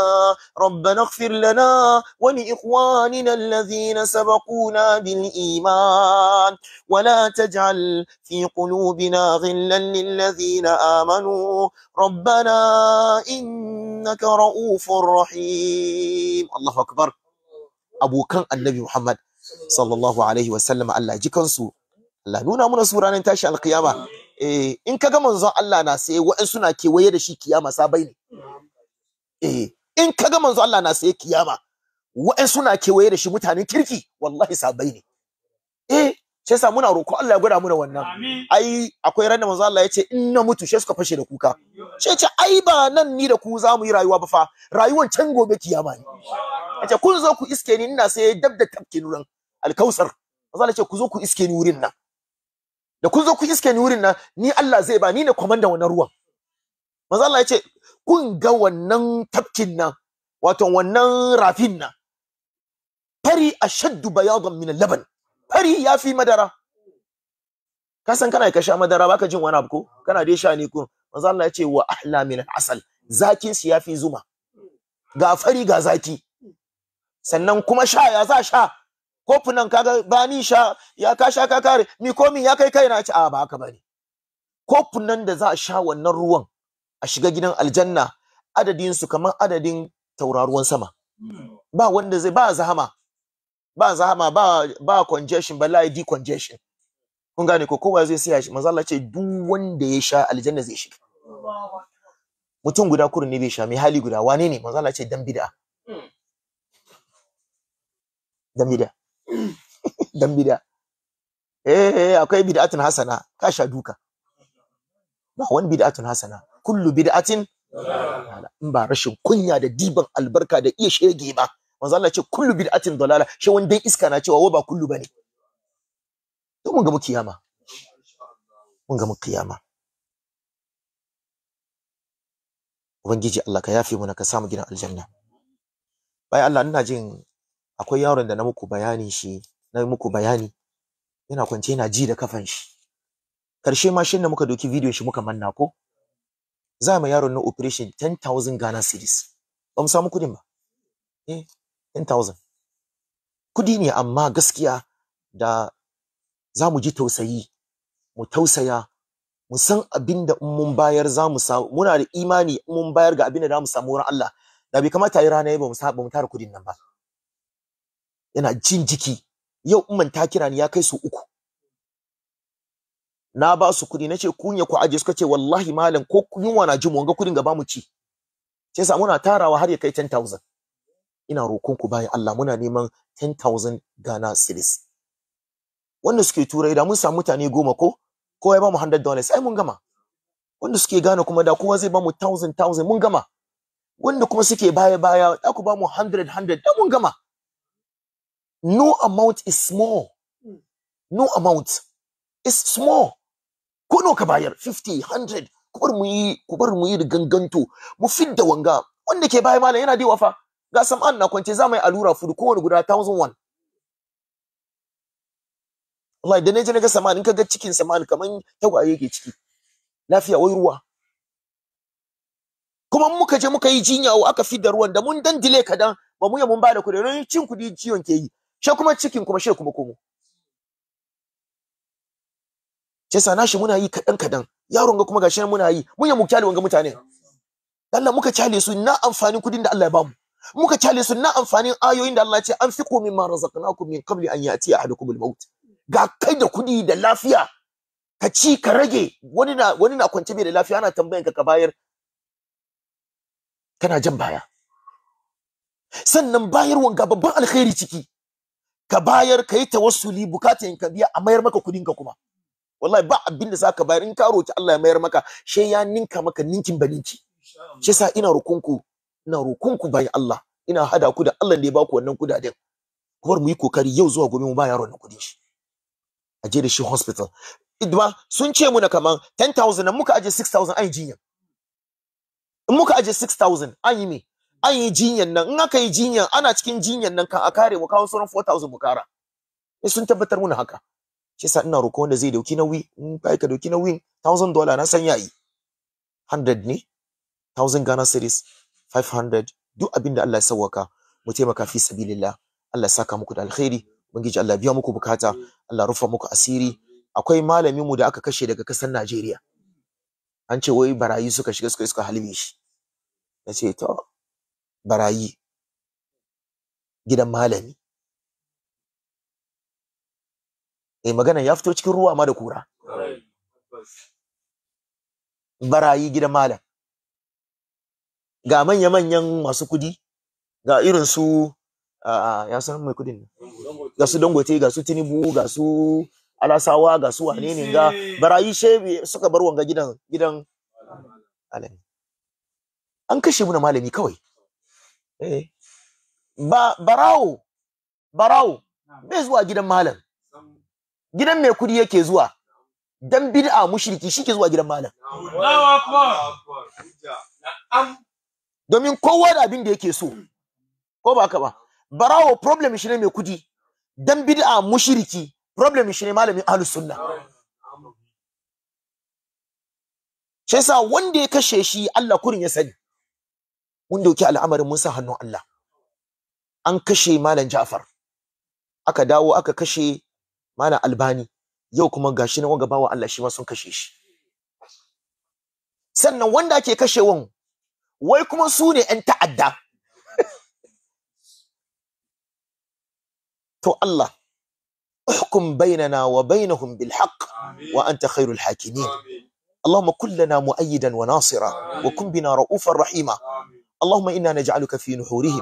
rabbana firlana wani ikwani na lazi na sabakuna bil iman, wala ta jal fi ƙunubina zillan lillazi na amanu, rabbana inna ka ra’ufin rahim. Allah Akbar, abokan Annabi Muhammad. sallallahu alaihi wasallam Allah jikansu Allah nuna muna su ranar tashi alkiyama eh in kaga manzon Allah na sai wa'ansu na kewaye da shi kiyama sabai ne eh in kaga manzon Allah na sai kiyama wa'ansu na kewaye da shi mutanen kirki wallahi sabai ne eh sai sa muna roko. Allah ya gwada muna wannan ai akwai ranar manzon Allah ya ce in na mutu sai suka fashe da kuka sai ce ai ba nan ni da ku za mu yi rayuwa ba fa rayuwar can gobe kiyama ne ce kun zo ku iske ni ina sai dab da tafkin ran alkausar manzo Allah ce ku zo ku iske ni wurin nan da ku zo ku iske ni wurin nan ni Allah zai ba ni ne komanda wannan ruwan manzo Allah ya ce kun ga wannan tafkin nan wato wannan rafin nan fari ashaddu bayadan min laban fari ya fi madara ka san kana ka sha madara baka jin wani abu ko kana dai sha ne ko manzo Allah ya ce wa ahla min asal zakin su fi zuma ga fari ga zaki sannan kuma sha ya za sha kofunan kaga bani sha ya ka sha ka kare mi komi ya kai kai na ci a ba haka bane kofunan da za a sha wannan ruwan a shiga gidan aljanna adadin su kamar adadin tauraruwan sama ba wanda zai ba zahama ba zahama ba ba congestion ba lai di congestion kun gane ko kowa zai siya shi manzo ce duk wanda ya sha aljanna zai shiga mutum guda kurin ne bai sha mai hali guda wane ne manzo ce dan bid'a dan bid'a dan bid'a eh, eh akwai bid'atun hasana ka sha duka ba wani bid'atun hasana kullu bid'atin in ba rashin kunya da diban albarka da iya shege ba manzo Allah ce kullu bid'atin dalala shi wani dai iska na cewa wa ba kullu bane to mun ga mu kiyama mun ga mu kiyama ubangiji Allah ka yafe mu na ka samu gidan aljanna bai Allah ina jin akwai yaron da na muku bayani shi na muku bayani yana kwance yana ji da kafan shi karshe ma shin da muka doki bidiyon shi muka manna ko za mu yaron na operation 10000 Ghana cedis ba mu samu kudin ba eh 10000 kudi ne amma gaskiya da za mu ji tausayi mu tausaya mu san abin da mun bayar za mu samu muna da imani mun bayar ga abin da za mu samu wurin Allah da bai kamata yi rana ba mu tara kudin nan ba yana jin jiki yau umman ta kira ni ya kai su uku na ba su kudi nace kunya ku aje suka ce wallahi malam ko yunwa na jin mu ga kudin gaba mu ci sai sa muna tarawa har ya kai 10000 ina rokon ku bayan Allah muna neman 10000 Ghana cedis wanda suke turai da mun samu mutane goma ko kowa ya ba mu 100 dollars ai mun gama wanda suke gane kuma da kowa zai ba mu 1000 1000 mun gama wanda kuma suke baya baya da ku ba mu 100 100 da mun gama No amount is small. No amount is small. Ko nawa ka bayar 50, 100, ku bar mu yi ku bar mu yi ganganto mu fidda wanga wanda ke baya malam yana dewa fa ga an na kwance za mu yi allura fudu kowane guda 1001 wallahi da ne je na ga in ka ga cikin samani kaman tagwaye yake ciki lafiya wai ruwa kuma muka je muka yi jinya aka fi fidda ruwan da mun dan dile kadan ba mu ya mun bada kuɗi ran cin kuɗi ciwon ke yi shi kuma cikin kuma shi kuma komo Cesa sana shi muna yi kadan kadan yaron ga kuma gashi muna yi mun ya mu wanga mutane Allah muka kyale su na amfanin kudin da Allah ya bamu muka kyale su na amfanin ayoyin da Allah ya ce an fiqu ma razaqnakum min qabli an ya'tiya ahadukum al-maut ga kai da kudi da lafiya ka ci ka rage wani na wani na kwance bai da lafiya ana tambayan ka ka bayar kana jan baya sannan bayarwan ga babban alkhairi ciki ka bayar ka yi tawassuli bukatan ka biya a mayar maka kudin ka kuma wallahi ba abin da zaka bayar in ka roki Allah ya mayar maka she ya ninka maka ninkin baninki shi sa ina rokonku ina rokonku bayan Allah ina hada ku da Allah da ya baku wannan kudaden ku bar mu yi kokari yau zuwa gobe mu ba yaron na kudin shi a je da shi hospital idma sun ce muna kaman 10000 an muka aje 6000 an yi jinya in muka aje 6000 an yi me an yi jinyan nan in aka yi jinyan ana cikin jinyan nan kan a kare mu kawo sauran 4000 mu kara sun tabbatar muna haka shi yasa ina roƙo wanda zai dauki nauyi in kai ka dauki nauyin 1000 dollar na san yayi 100 ne 1000 Ghana cedis 500 duk abin da Allah ya sawwaka mu taimaka fi sabilillah Allah ya saka muku da alkhairi ubangiji Allah biya muku bukata Allah rufa muku asiri akwai malamin mu da aka kashe daga kasar Najeriya an ce wai barayi suka shiga suka suka halbe shi nace to barayi gidan malami eh magana ya fito cikin ruwa ma da kura barayi gidan malam ga manya-manyan masu kudi ga irin su ya san mai kudin ga su dangote ga su tinubu ga su alasawa ga su wane ne ga barayi shebe suka bar wanga gidan gidan alami an kashe muna malami kawai Eh, ba barawo barawo bai zuwa gidan malam gidan mai kudi yake zuwa dan bid'a mushriki shike zuwa gidan malam domin kowa da abin da yake so ko ba ka ba barawo problem shi ne mai kudi dan bid'a mushriki problem shi ne malamin ahlus sunna shi wanda ya kashe shi Allah kurin ya sani mun dauki al'amarin mun sa hannun Allah an kashe malam Ja'far aka dawo aka kashe malam Albani yau kuma gashi nan wanga bawa Allah shi ma sun kashe shi sannan wanda ake kashewan wai kuma su ne ƴan ta'adda [LAUGHS] to Allah wa احكم بيننا وبينهم بالحق وأنت خير الحاكمين اللهم كن wa مؤيدا وناصرا وكن بنا رؤوفا رحيما اللهم إنا نجعلك في نحورهم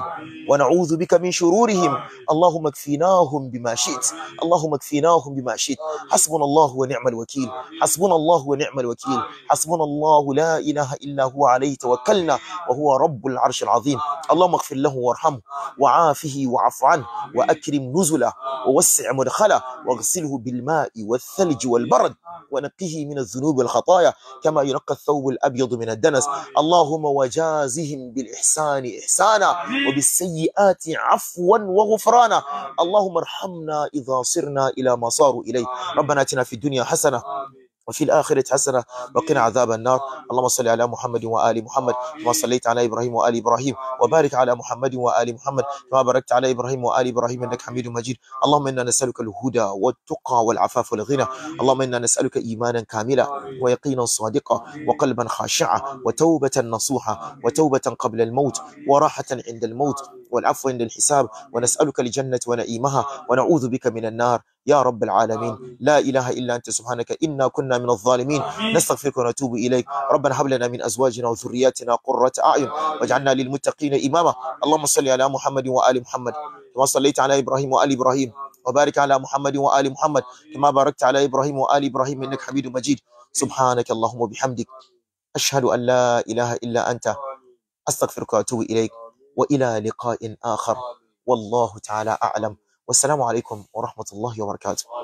ونعوذ بك من شرورهم اللهم اكفيناهم بما شئت اللهم اكفيناهم بما شئت حسبنا الله ونعم الوكيل حسبنا الله ونعم الوكيل حسبنا الله لا إله إلا هو عليه توكلنا وهو رب العرش العظيم اللهم اغفر له وارحمه وعافه وعف عنه وأكرم نزله ووسع مدخله واغسله بالماء والثلج والبرد ونقه من الذنوب والخطايا كما ينقى الثوب الأبيض من الدنس اللهم وجازهم بال بالإحسان إحسانا وبالسيئات عفوا وغفرانا اللهم ارحمنا إذا صرنا إلى ما صاروا إليه ربنا اتنا في الدنيا حسنة وفي الآخرة حسنة وقنا عذاب النار اللهم صل على محمد وآل محمد كما صليت على إبراهيم وآل إبراهيم وبارك على محمد وآل محمد كما باركت على إبراهيم وآل إبراهيم إنك حميد مجيد اللهم إنا نسألك الهدى والتقى والعفاف والغنى اللهم إنا نسألك إيمانا كاملا ويقينا صادقا وقلبا خاشعا وتوبة نصوحة وتوبة قبل الموت وراحة عند الموت والعفو عند الحساب ونسألك الجنة ونعيمها ونعوذ بك من النار يا رب العالمين لا إله إلا أنت سبحانك إنا كنا من الظالمين نستغفرك ونتوب إليك ربنا هب لنا من أزواجنا وذرياتنا قرة أعين واجعلنا للمتقين إماما اللهم صل على محمد وآل محمد كما صليت على إبراهيم وآل إبراهيم وبارك على محمد وآل محمد كما باركت على إبراهيم وآل إبراهيم إنك حميد مجيد سبحانك اللهم وبحمدك أشهد أن لا إله إلا أنت أستغفرك وأتوب إليك والى لقاء اخر والله تعالى اعلم والسلام عليكم ورحمه الله وبركاته